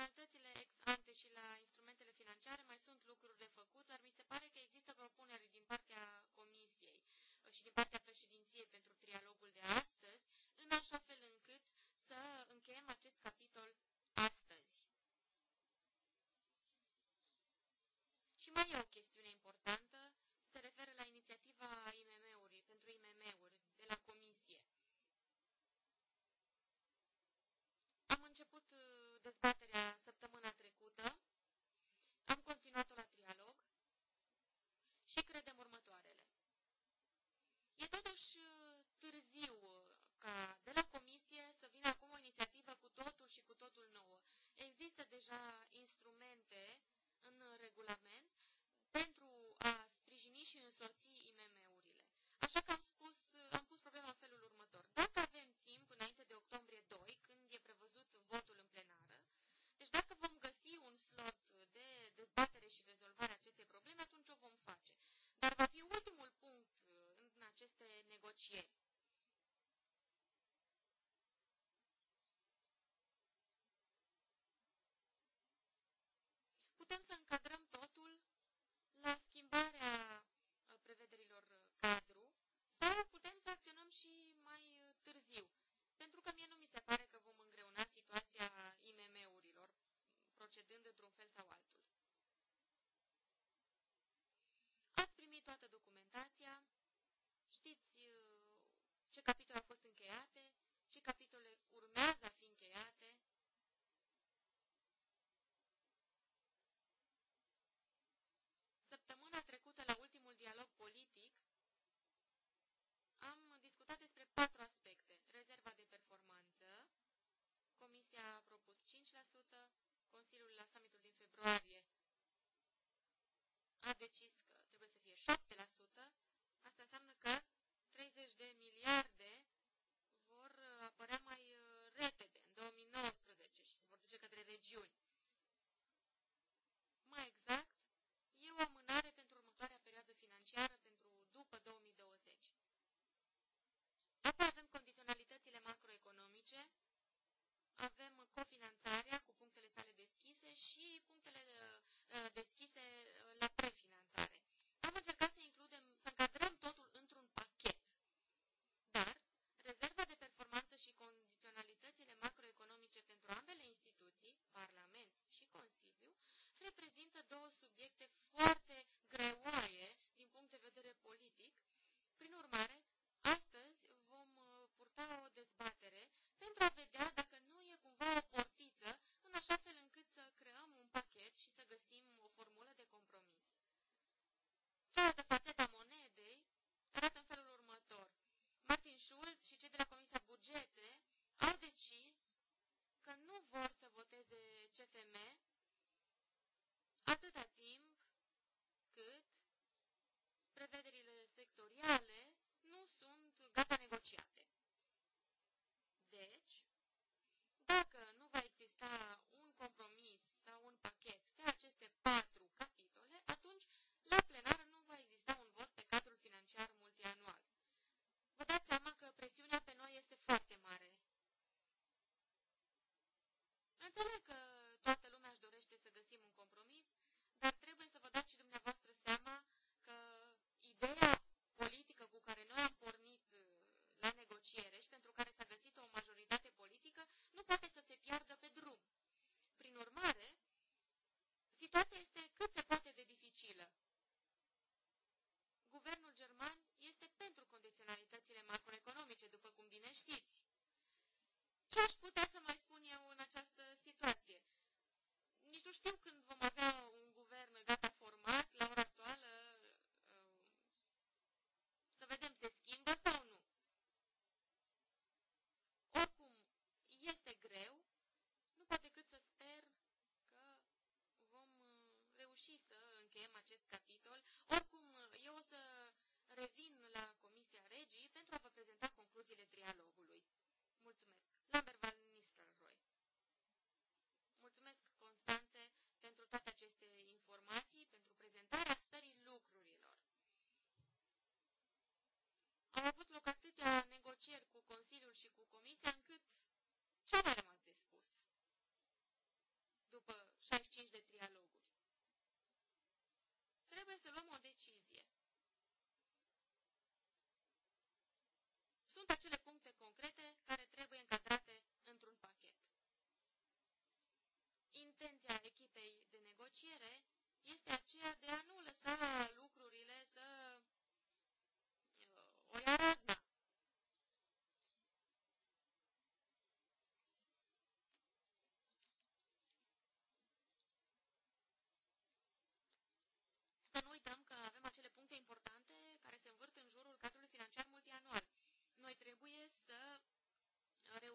condiționalitățile ex ante și la instrumentele financiare mai sunt lucruri de făcut, dar mi se pare că există propuneri din partea Comisiei uh, și din partea președinției pentru trialogul de astăzi, în așa fel încât să încheiem acest capitol astăzi. Și mai e dimensiuni.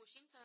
reușim să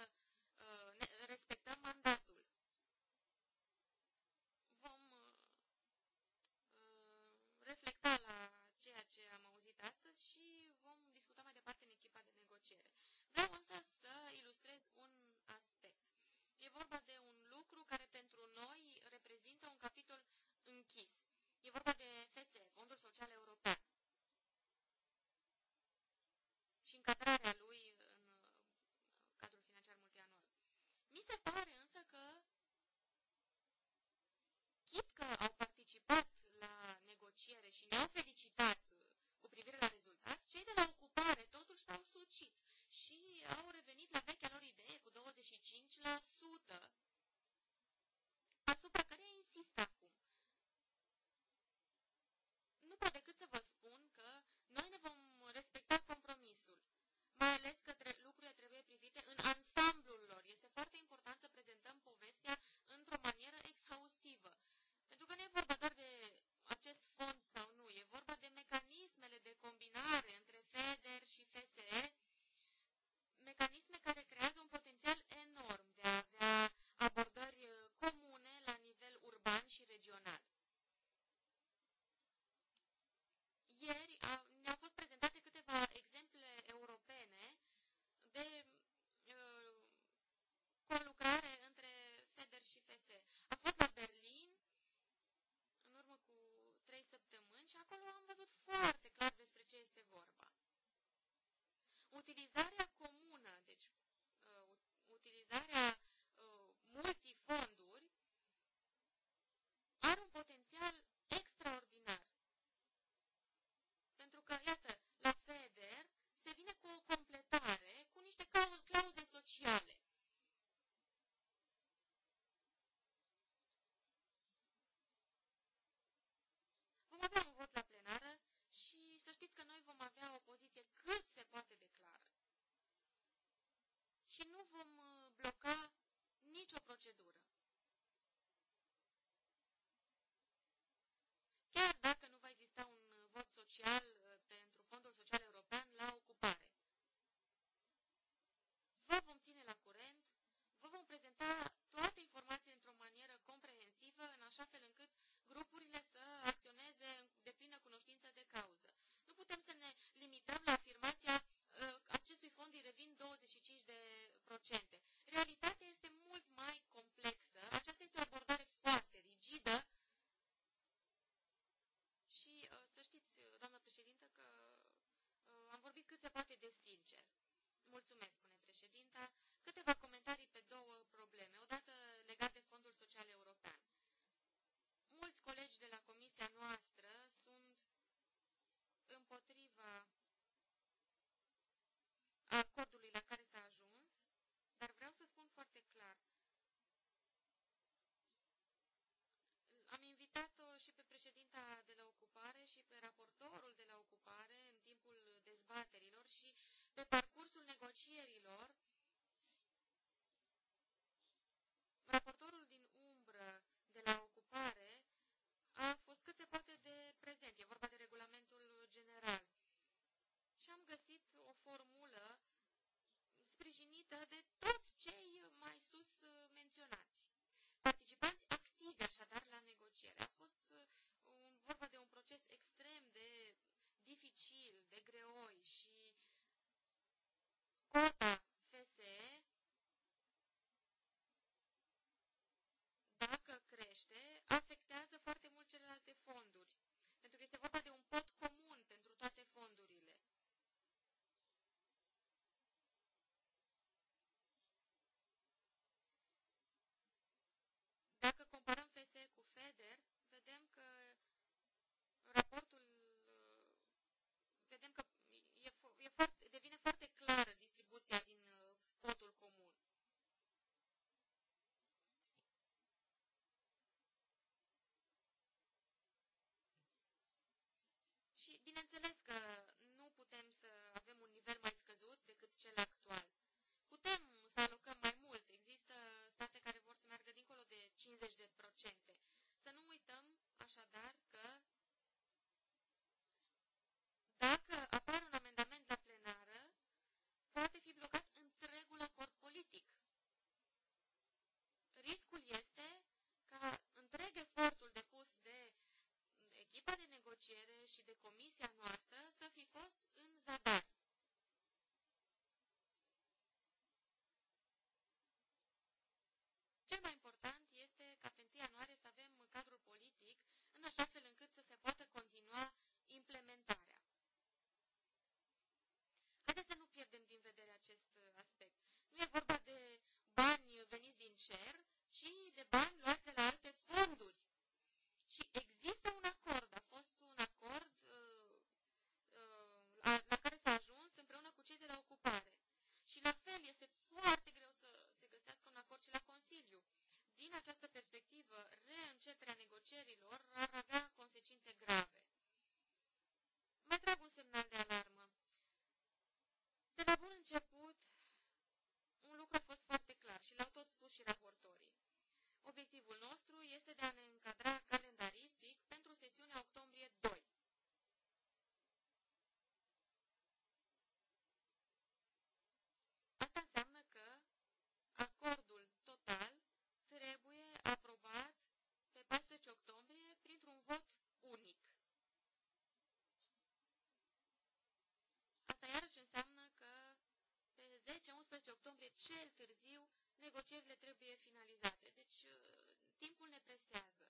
utilizat nu vom uh, bloca nicio procedură. bineînțeles că nu putem să avem un nivel mai scăzut decât cel actual. Putem să alocăm mai mult. Există state care vor să meargă dincolo de 50%. Să nu uităm, așadar, că negocierile trebuie finalizate, deci uh, timpul ne presează.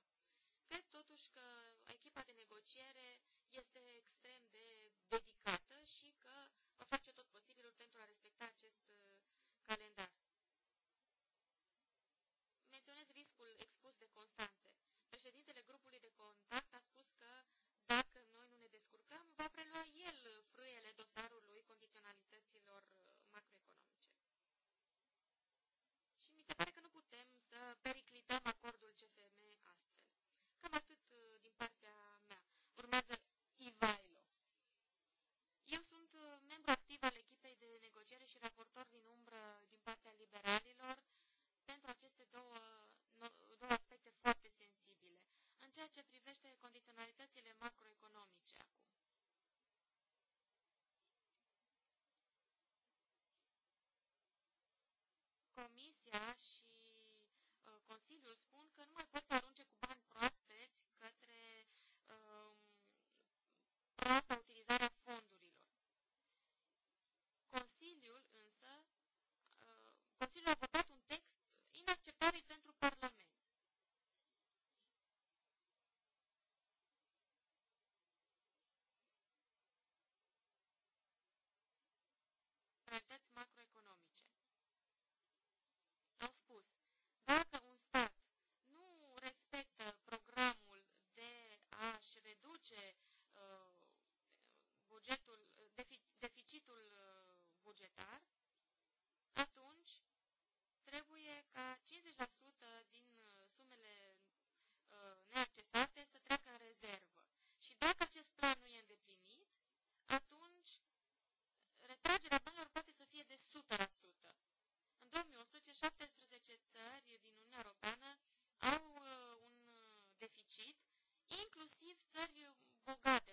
Cred totuși că echipa de negociere este extrem de dedicată și că va face tot posibilul pentru a respecta acest uh, calendar. Menționez riscul expus de Constanțe. Președintele grupului de contact inegalități macroeconomice. Au spus, dacă un stat nu respectă programul de a-și reduce uh, bugetul, deficitul uh, bugetar, inclusiv țări bogate.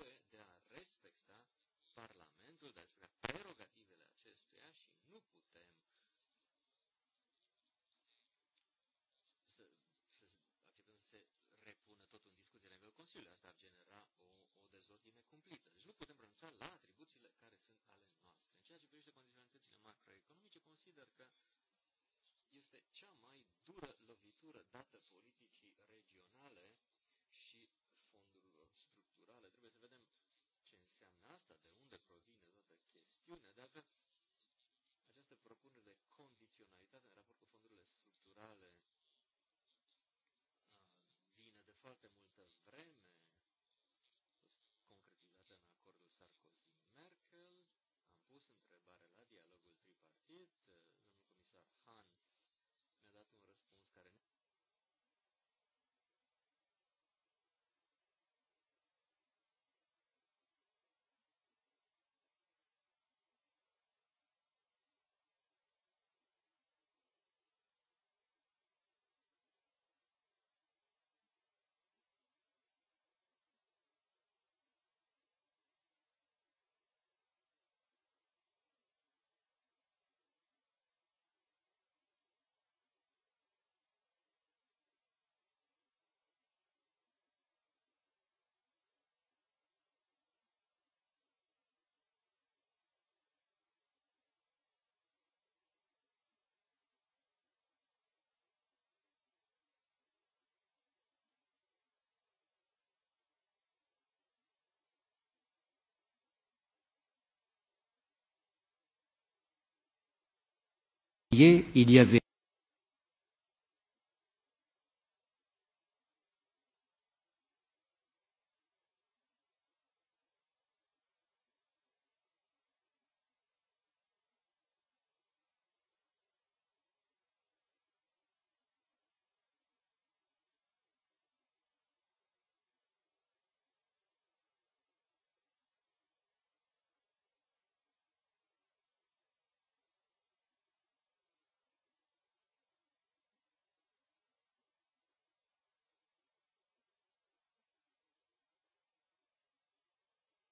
UE de a respecta Parlamentul, de a respecta prerogativele acestuia și nu putem să, să acceptăm să se repună tot în discuție la nivelul Consiliului. Asta ar genera o, o dezordine cumplită. Deci nu putem renunța la atribuțiile care sunt ale noastre. În ceea ce privește condiționalitățile macroeconomice, consider că este cea mai dură lovitură dată politicii regionale și înseamnă asta, de unde provine toată chestiunea. De altfel, această propunere de condiționalitate în raport cu fondurile structurale vine de foarte multă vreme, concretizată în acordul Sarkozy-Merkel. Am pus întrebare la dialogul tripartit, domnul comisar Han mi-a dat un răspuns care il y avait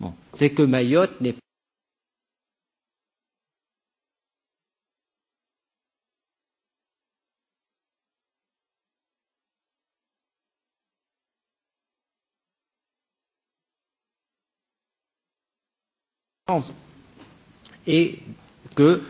Bon. C'est que Mayotte n'est pas. et que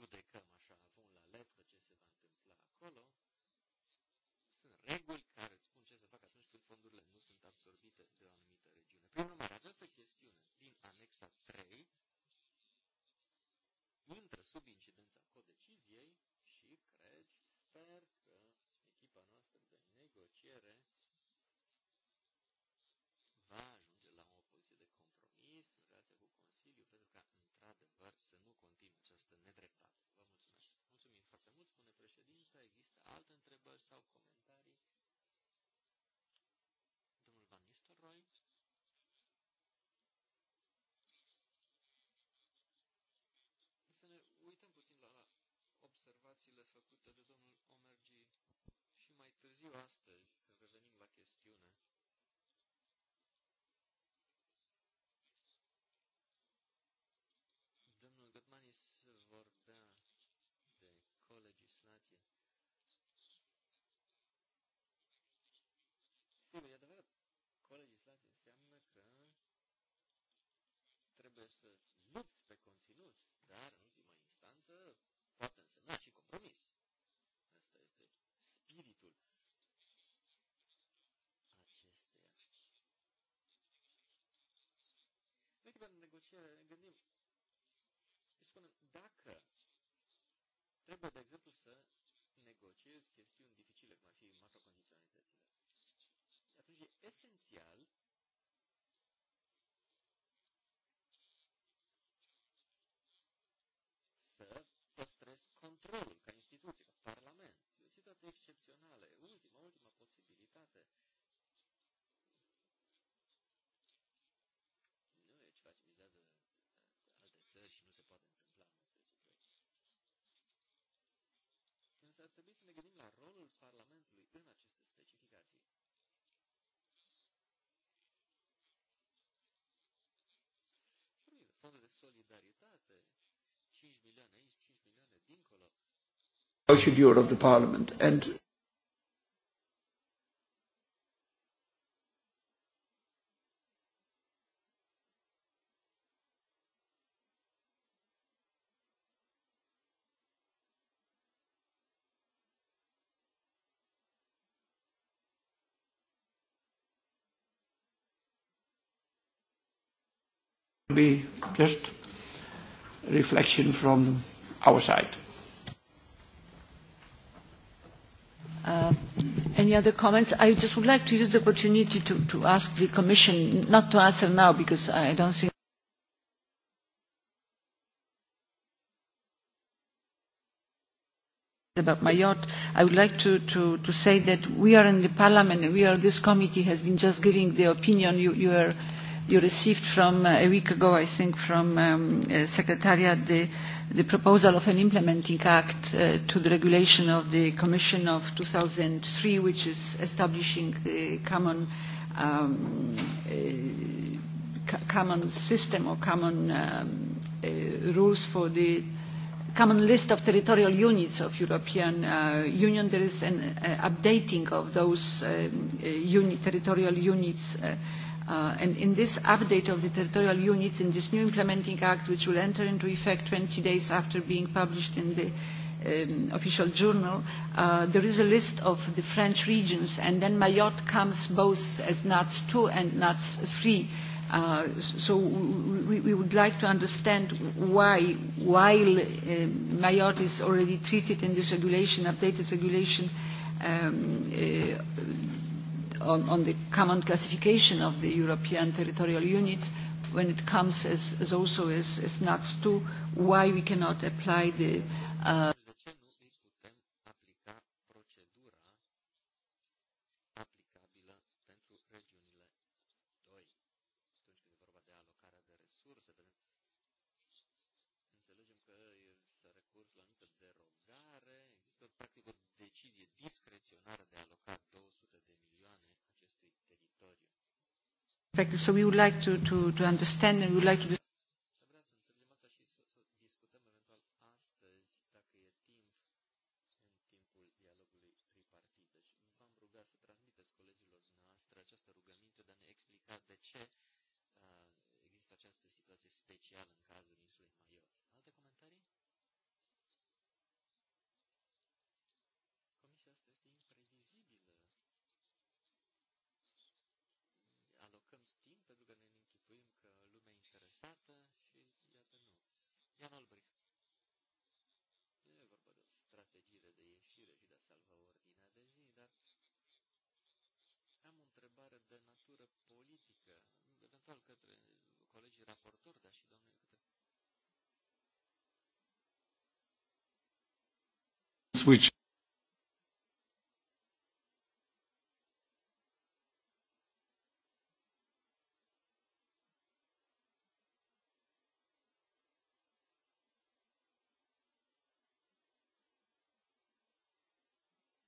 judecăm așa având la lepră ce se va întâmpla acolo, sunt reguli care îți spun ce să fac atunci când fondurile nu sunt absorbite de o anumită regiune. Prin urmare, această chestiune din anexa 3 intră sub incidența codeciziei și cred și sper că echipa noastră de negociere întrebări sau comentarii? Domnul Van Nistelrooy? Să ne uităm puțin la observațiile făcute de domnul Omergi și mai târziu astăzi, când revenim la chestiune. trebuie să lupți pe conținut, dar în ultima instanță poate însemna și compromis. Asta este spiritul acesteia. Noi când în negociere ne gândim, îi spunem, dacă trebuie, de exemplu, să negociez chestiuni dificile, cum ar fi macrocondiționalitățile, atunci e esențial controlul ca instituție, ca Parlament. E o situație excepțională, ultima, ultima posibilitate. Nu e ceva ce mizează alte țări și nu se poate întâmpla în 11 Însă ar trebui să ne gândim la rolul Parlamentului în aceste specificații. Fondul de solidaritate, 5 milioane aici, 5 dincolo. of the Parliament and be just reflection from our side. Uh, any other comments? I just would like to use the opportunity to, to ask the Commission, not to answer now because I don't think. about my yacht, I would like to, to, to say that we are in the Parliament and we are, this committee has been just giving the opinion you, you are you received from uh, a week ago, I think, from um, uh, Secretariat the, the proposal of an implementing act uh, to the regulation of the Commission of 2003, which is establishing the common, um, uh, common system or common um, uh, rules for the common list of territorial units of European uh, Union. There is an uh, updating of those um, uh, uni territorial units uh, Uh, and in this update of the territorial units, in this new implementing act, which will enter into effect 20 days after being published in the um, official journal, uh, there is a list of the French regions, and then Mayotte comes both as NUTS 2 and NUTS 3. Uh, so we, we would like to understand why, while uh, Mayotte is already treated in this regulation, updated regulation, um, uh, on, on the common classification of the European territorial units when it comes as, as also as, as NUTS 2, why we cannot apply the uh, So we would like to, to, to understand and we would like to which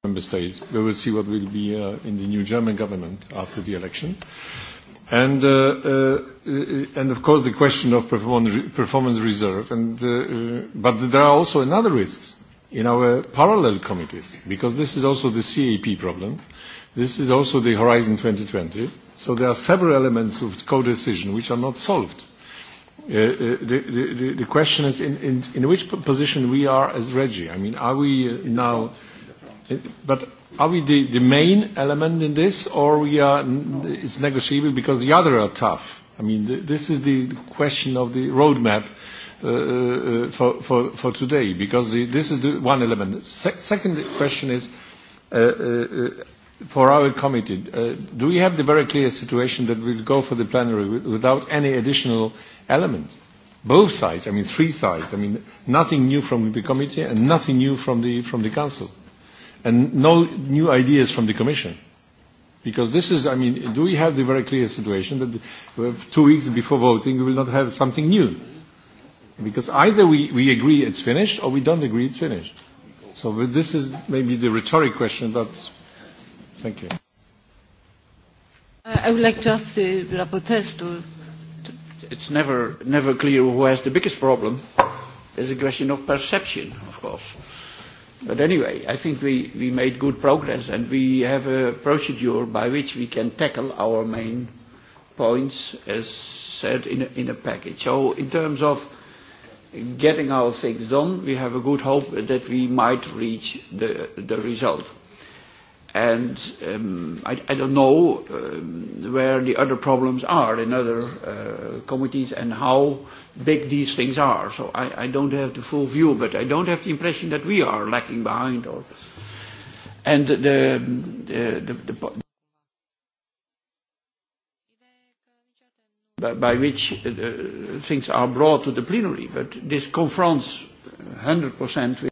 member states. We will see what will be uh, in the new German government after the election. And, uh, uh, uh and of course the question of performance reserve. And, uh, uh, but there are also another risks in our parallel committees, because this is also the CAP problem. This is also the Horizon 2020. So there are several elements of co-decision which are not solved. Uh, uh the, the, the question is in, in, in which position we are as Reggie. I mean, are we uh, now... Uh, but are we the, the main element in this, or we are, it's negotiable because the other are tough? I mean, th this is the question of the roadmap Uh, uh, uh, for, for, for today, because the, this is the one element. se second question is, uh, uh, for our committee, uh, do we have the very clear situation that we'll go for the plenary without any additional elements? Both sides, I mean three sides, I mean nothing new from the committee and nothing new from the, from the council. And no new ideas from the commission. Because this is, I mean, do we have the very clear situation that two weeks before voting we will not have something new? Because either we, we agree it's finished or we don't agree it's finished. So but this is maybe the rhetoric question, That's, thank you. I would like to ask the rapporteurs to... It's never, never clear who has the biggest problem. It's a question of perception, of course. But anyway, I think we, we made good progress and we have a procedure by which we can tackle our main points as said in a, in a package. So in terms of getting our things done, we have a good hope that we might reach the, the result. And um, I, I don't know um, where the other problems are in other uh, committees and how big these things are. So I, I don't have the full view, but I don't have the impression that we are lacking behind. Or, and the, the, the, the, by, by which uh, uh, things are brought to the plenary. But this confronts 100% with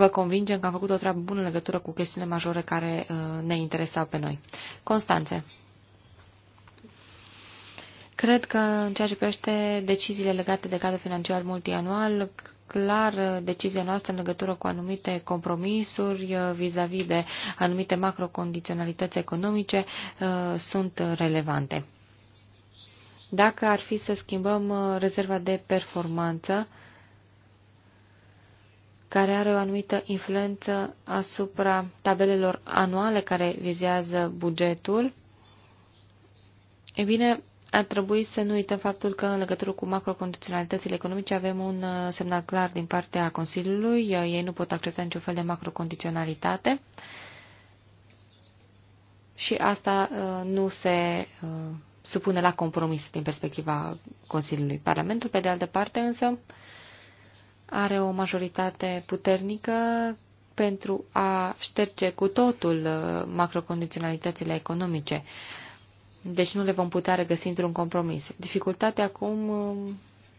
vă convingem că am făcut o treabă bună în legătură cu chestiunile majore care uh, ne interesau pe noi. Constanțe. Cred că în ceea ce privește deciziile legate de cadrul financiar multianual, clar uh, decizia noastră în legătură cu anumite compromisuri uh, vis-a-vis -vis de anumite macrocondiționalități economice sunt relevante. Dacă ar fi să schimbăm rezerva de performanță, care are o anumită influență asupra tabelelor anuale care vizează bugetul, e bine, ar trebui să nu uităm faptul că în legătură cu macrocondiționalitățile economice avem un uh, semnal clar din partea Consiliului, uh, ei nu pot accepta niciun fel de macrocondiționalitate și asta uh, nu se supune la compromis din perspectiva Consiliului. Parlamentul, pe de altă parte, însă, are o majoritate puternică pentru a șterge cu totul uh, macrocondiționalitățile economice. Deci nu le vom putea regăsi într-un compromis. Dificultatea acum uh,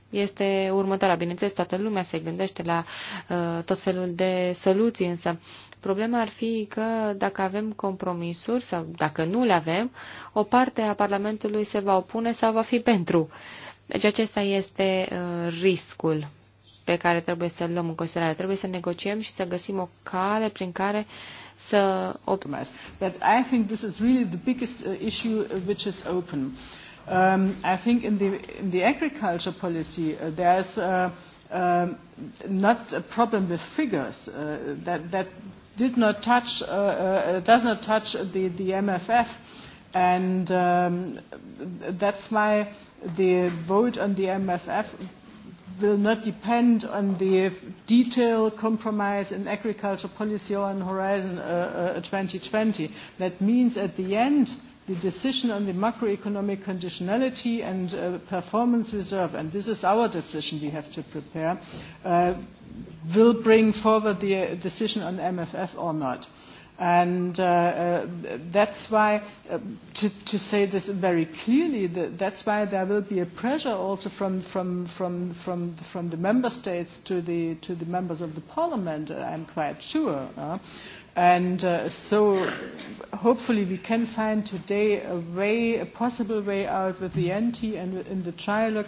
este următoarea. Bineînțeles, toată lumea se gândește la uh, tot felul de soluții, însă problema ar fi că dacă avem compromisuri sau dacă nu le avem, o parte a Parlamentului se va opune sau va fi pentru. Deci acesta este riscul pe care trebuie să le luăm în considerare. Trebuie să negociem și să găsim o cale prin care să optimizăm. But I think this is really the biggest uh, issue uh, which is open. Um, I think in the, in the agriculture policy uh, is uh, uh, not a problem with figures uh, that, that did not touch, uh, uh, uh does not touch the, the MFF. And um, that's why the vote on the MFF will not depend on the detailed compromise in agriculture policy or on Horizon uh, uh, 2020. That means at the end, the decision on the macroeconomic conditionality and uh, performance reserve, and this is our decision we have to prepare, uh, will bring forward the uh, decision on MFF or not. And uh, uh, that's why, uh, to, to say this very clearly, that, that's why there will be a pressure also from, from, from, from, from the member states to the, to the members of the parliament, uh, I'm quite sure. Uh, and uh, so hopefully we can find today a way, a possible way out with the NT and in the trilogue.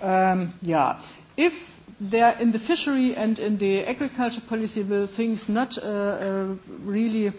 Um, yeah. If there in the fishery and in the agriculture policy will things not uh, uh, really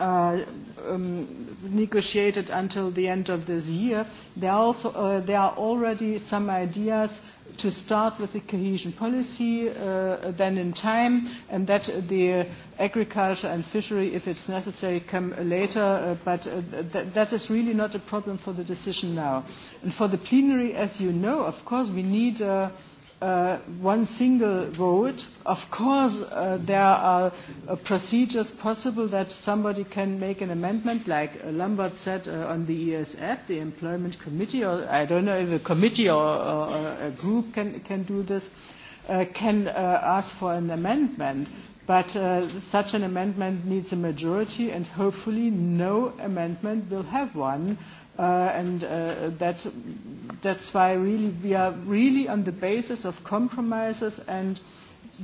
uh, um, negotiated until the end of this year. There, also, uh, there are already some ideas to start with the cohesion policy uh, then in time and that the agriculture and fishery, if it's necessary, come later. Uh, but uh, th that is really not a problem for the decision now. And for the plenary, as you know, of course, we need... Uh, uh, one single vote. Of course, uh, there are uh, procedures possible that somebody can make an amendment, like uh, Lambert said uh, on the ESF, the Employment Committee, or I don't know if a committee or, or a group can, can do this, uh, can uh, ask for an amendment. But uh, such an amendment needs a majority, and hopefully no amendment will have one. Uh, Uh, and uh, that, that's why really we are really on the basis of compromises and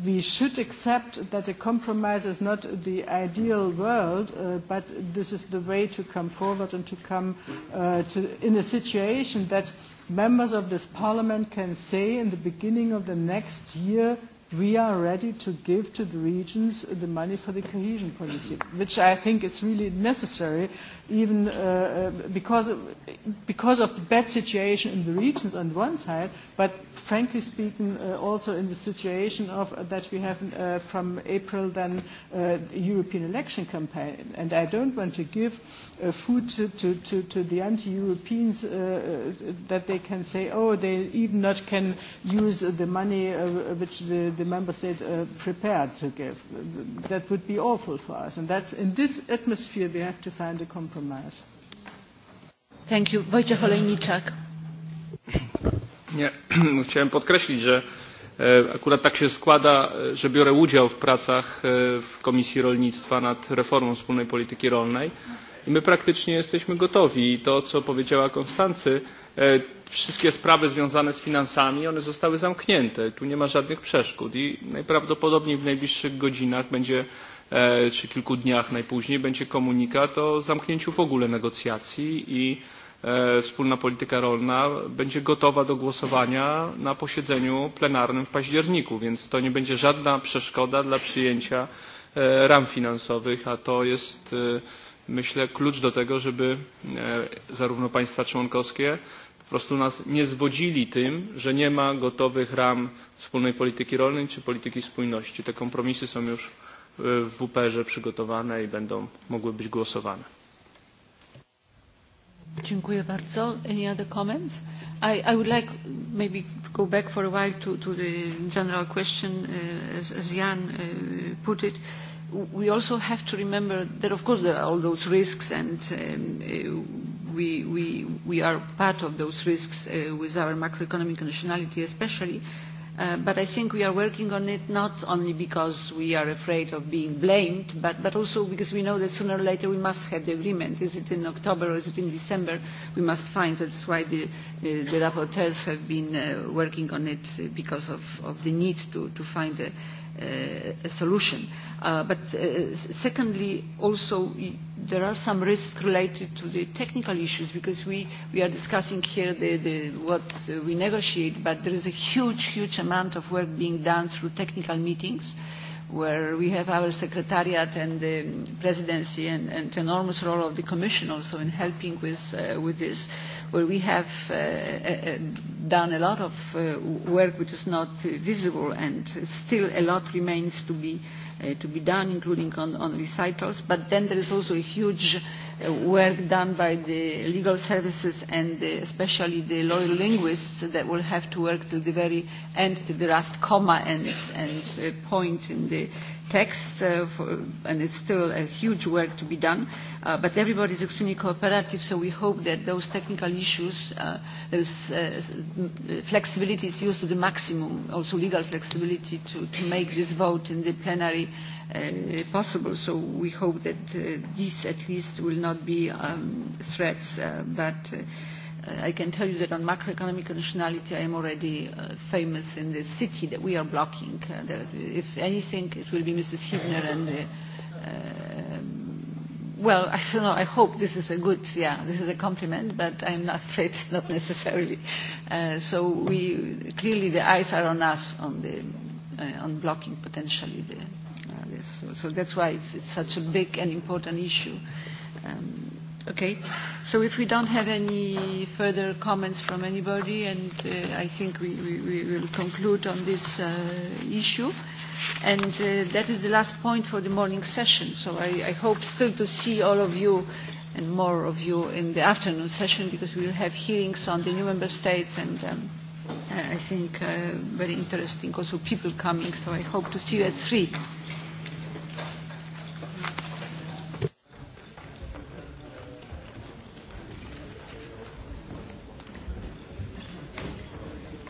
we should accept that a compromise is not the ideal world, uh, but this is the way to come forward and to come uh, to, in a situation that members of this parliament can say in the beginning of the next year we are ready to give to the regions the money for the cohesion policy, which I think is really necessary, even uh, uh, because, of, because of the bad situation in the regions on one side, but frankly speaking, uh, also in the situation of, uh, that we have uh, from April then uh, European election campaign. And I don't want to give uh, food to, to, to, to the anti-Europeans uh, uh that they can say, oh, they even not can use the money uh, which the, the the member state uh, prepared to give. That would be awful for us. And that's in this atmosphere we have to find a compromise. Thank you. Wojciech Olejniczak. Nie, chciałem podkreślić, że Akurat tak się składa, że biorę udział w pracach w Komisji Rolnictwa nad reformą wspólnej polityki rolnej i my praktycznie jesteśmy gotowi. I to, co powiedziała Konstancy, wszystkie sprawy związane z finansami one zostały zamknięte tu nie ma żadnych przeszkód i najprawdopodobniej w najbliższych godzinach będzie czy kilku dniach najpóźniej będzie komunikat o zamknięciu w ogóle negocjacji i wspólna polityka rolna będzie gotowa do głosowania na posiedzeniu plenarnym w październiku więc to nie będzie żadna przeszkoda dla przyjęcia ram finansowych a to jest myślę klucz do tego żeby zarówno państwa członkowskie po prostu nas nie zwodzili tym, że nie ma gotowych ram wspólnej polityki rolnej czy polityki spójności. Te kompromisy są już w wpr przygotowane i będą mogły być głosowane. Dziękuję bardzo. Any other comments? I, I would like maybe to go back for a while to, to the general question uh, as, as Jan uh, put it. We also have to remember that of course there are all those risks and um, uh, we, we, we are part of those risks uh, with our macroeconomic conditionality especially. Uh, but I think we are working on it not only because we are afraid of being blamed, but, but also because we know that sooner or later we must have the agreement. Is it in October or is it in December? We must find. That's why the, the, the rapporteurs have been uh, working on it because of, of the need to, to find a, uh, solution. Uh, but uh, secondly, also there are some risks related to the technical issues because we, we are discussing here the, the, what uh, we negotiate, but there is a huge, huge amount of work being done through technical meetings. Uh, where we have our secretariat and the presidency and, and enormous role of the commission also in helping with, uh, with this, where we have uh, uh, done a lot of uh, work which is not uh, visible and still a lot remains to be, uh, to be done, including on, on recitals. But then there is also a huge uh, work done by the legal services and the, especially the lawyer linguists that will have to work to the very end, to the last comma and, and uh, point in the text, uh, for, and it's still a huge work to be done. Uh, but everybody is extremely cooperative, so we hope that those technical issues, uh, those uh, mm, flexibility is used to the maximum, also legal flexibility to, to make this vote in the plenary uh, possible. So we hope that uh, these at least will not be um, threats, uh, but. Uh, I can tell you that on macroeconomic conditionality, I am already uh, famous in the city that we are blocking. Uh, that if anything, it will be Mrs. Hibner and the, uh, um, well, I don't know. I hope this is a good, yeah, this is a compliment, but I'm not afraid, not necessarily. Uh, so we clearly the eyes are on us on the uh, on blocking potentially the, uh, this. So, so that's why it's, it's such a big and important issue. Um, Okay. So if we don't have any further comments from anybody, and uh, I think we, we, we will conclude on this uh, issue. And uh, that is the last point for the morning session. So I, I hope still to see all of you and more of you in the afternoon session because we will have hearings on the new member states and um, I think uh, very interesting also people coming. So I hope to see you at 3.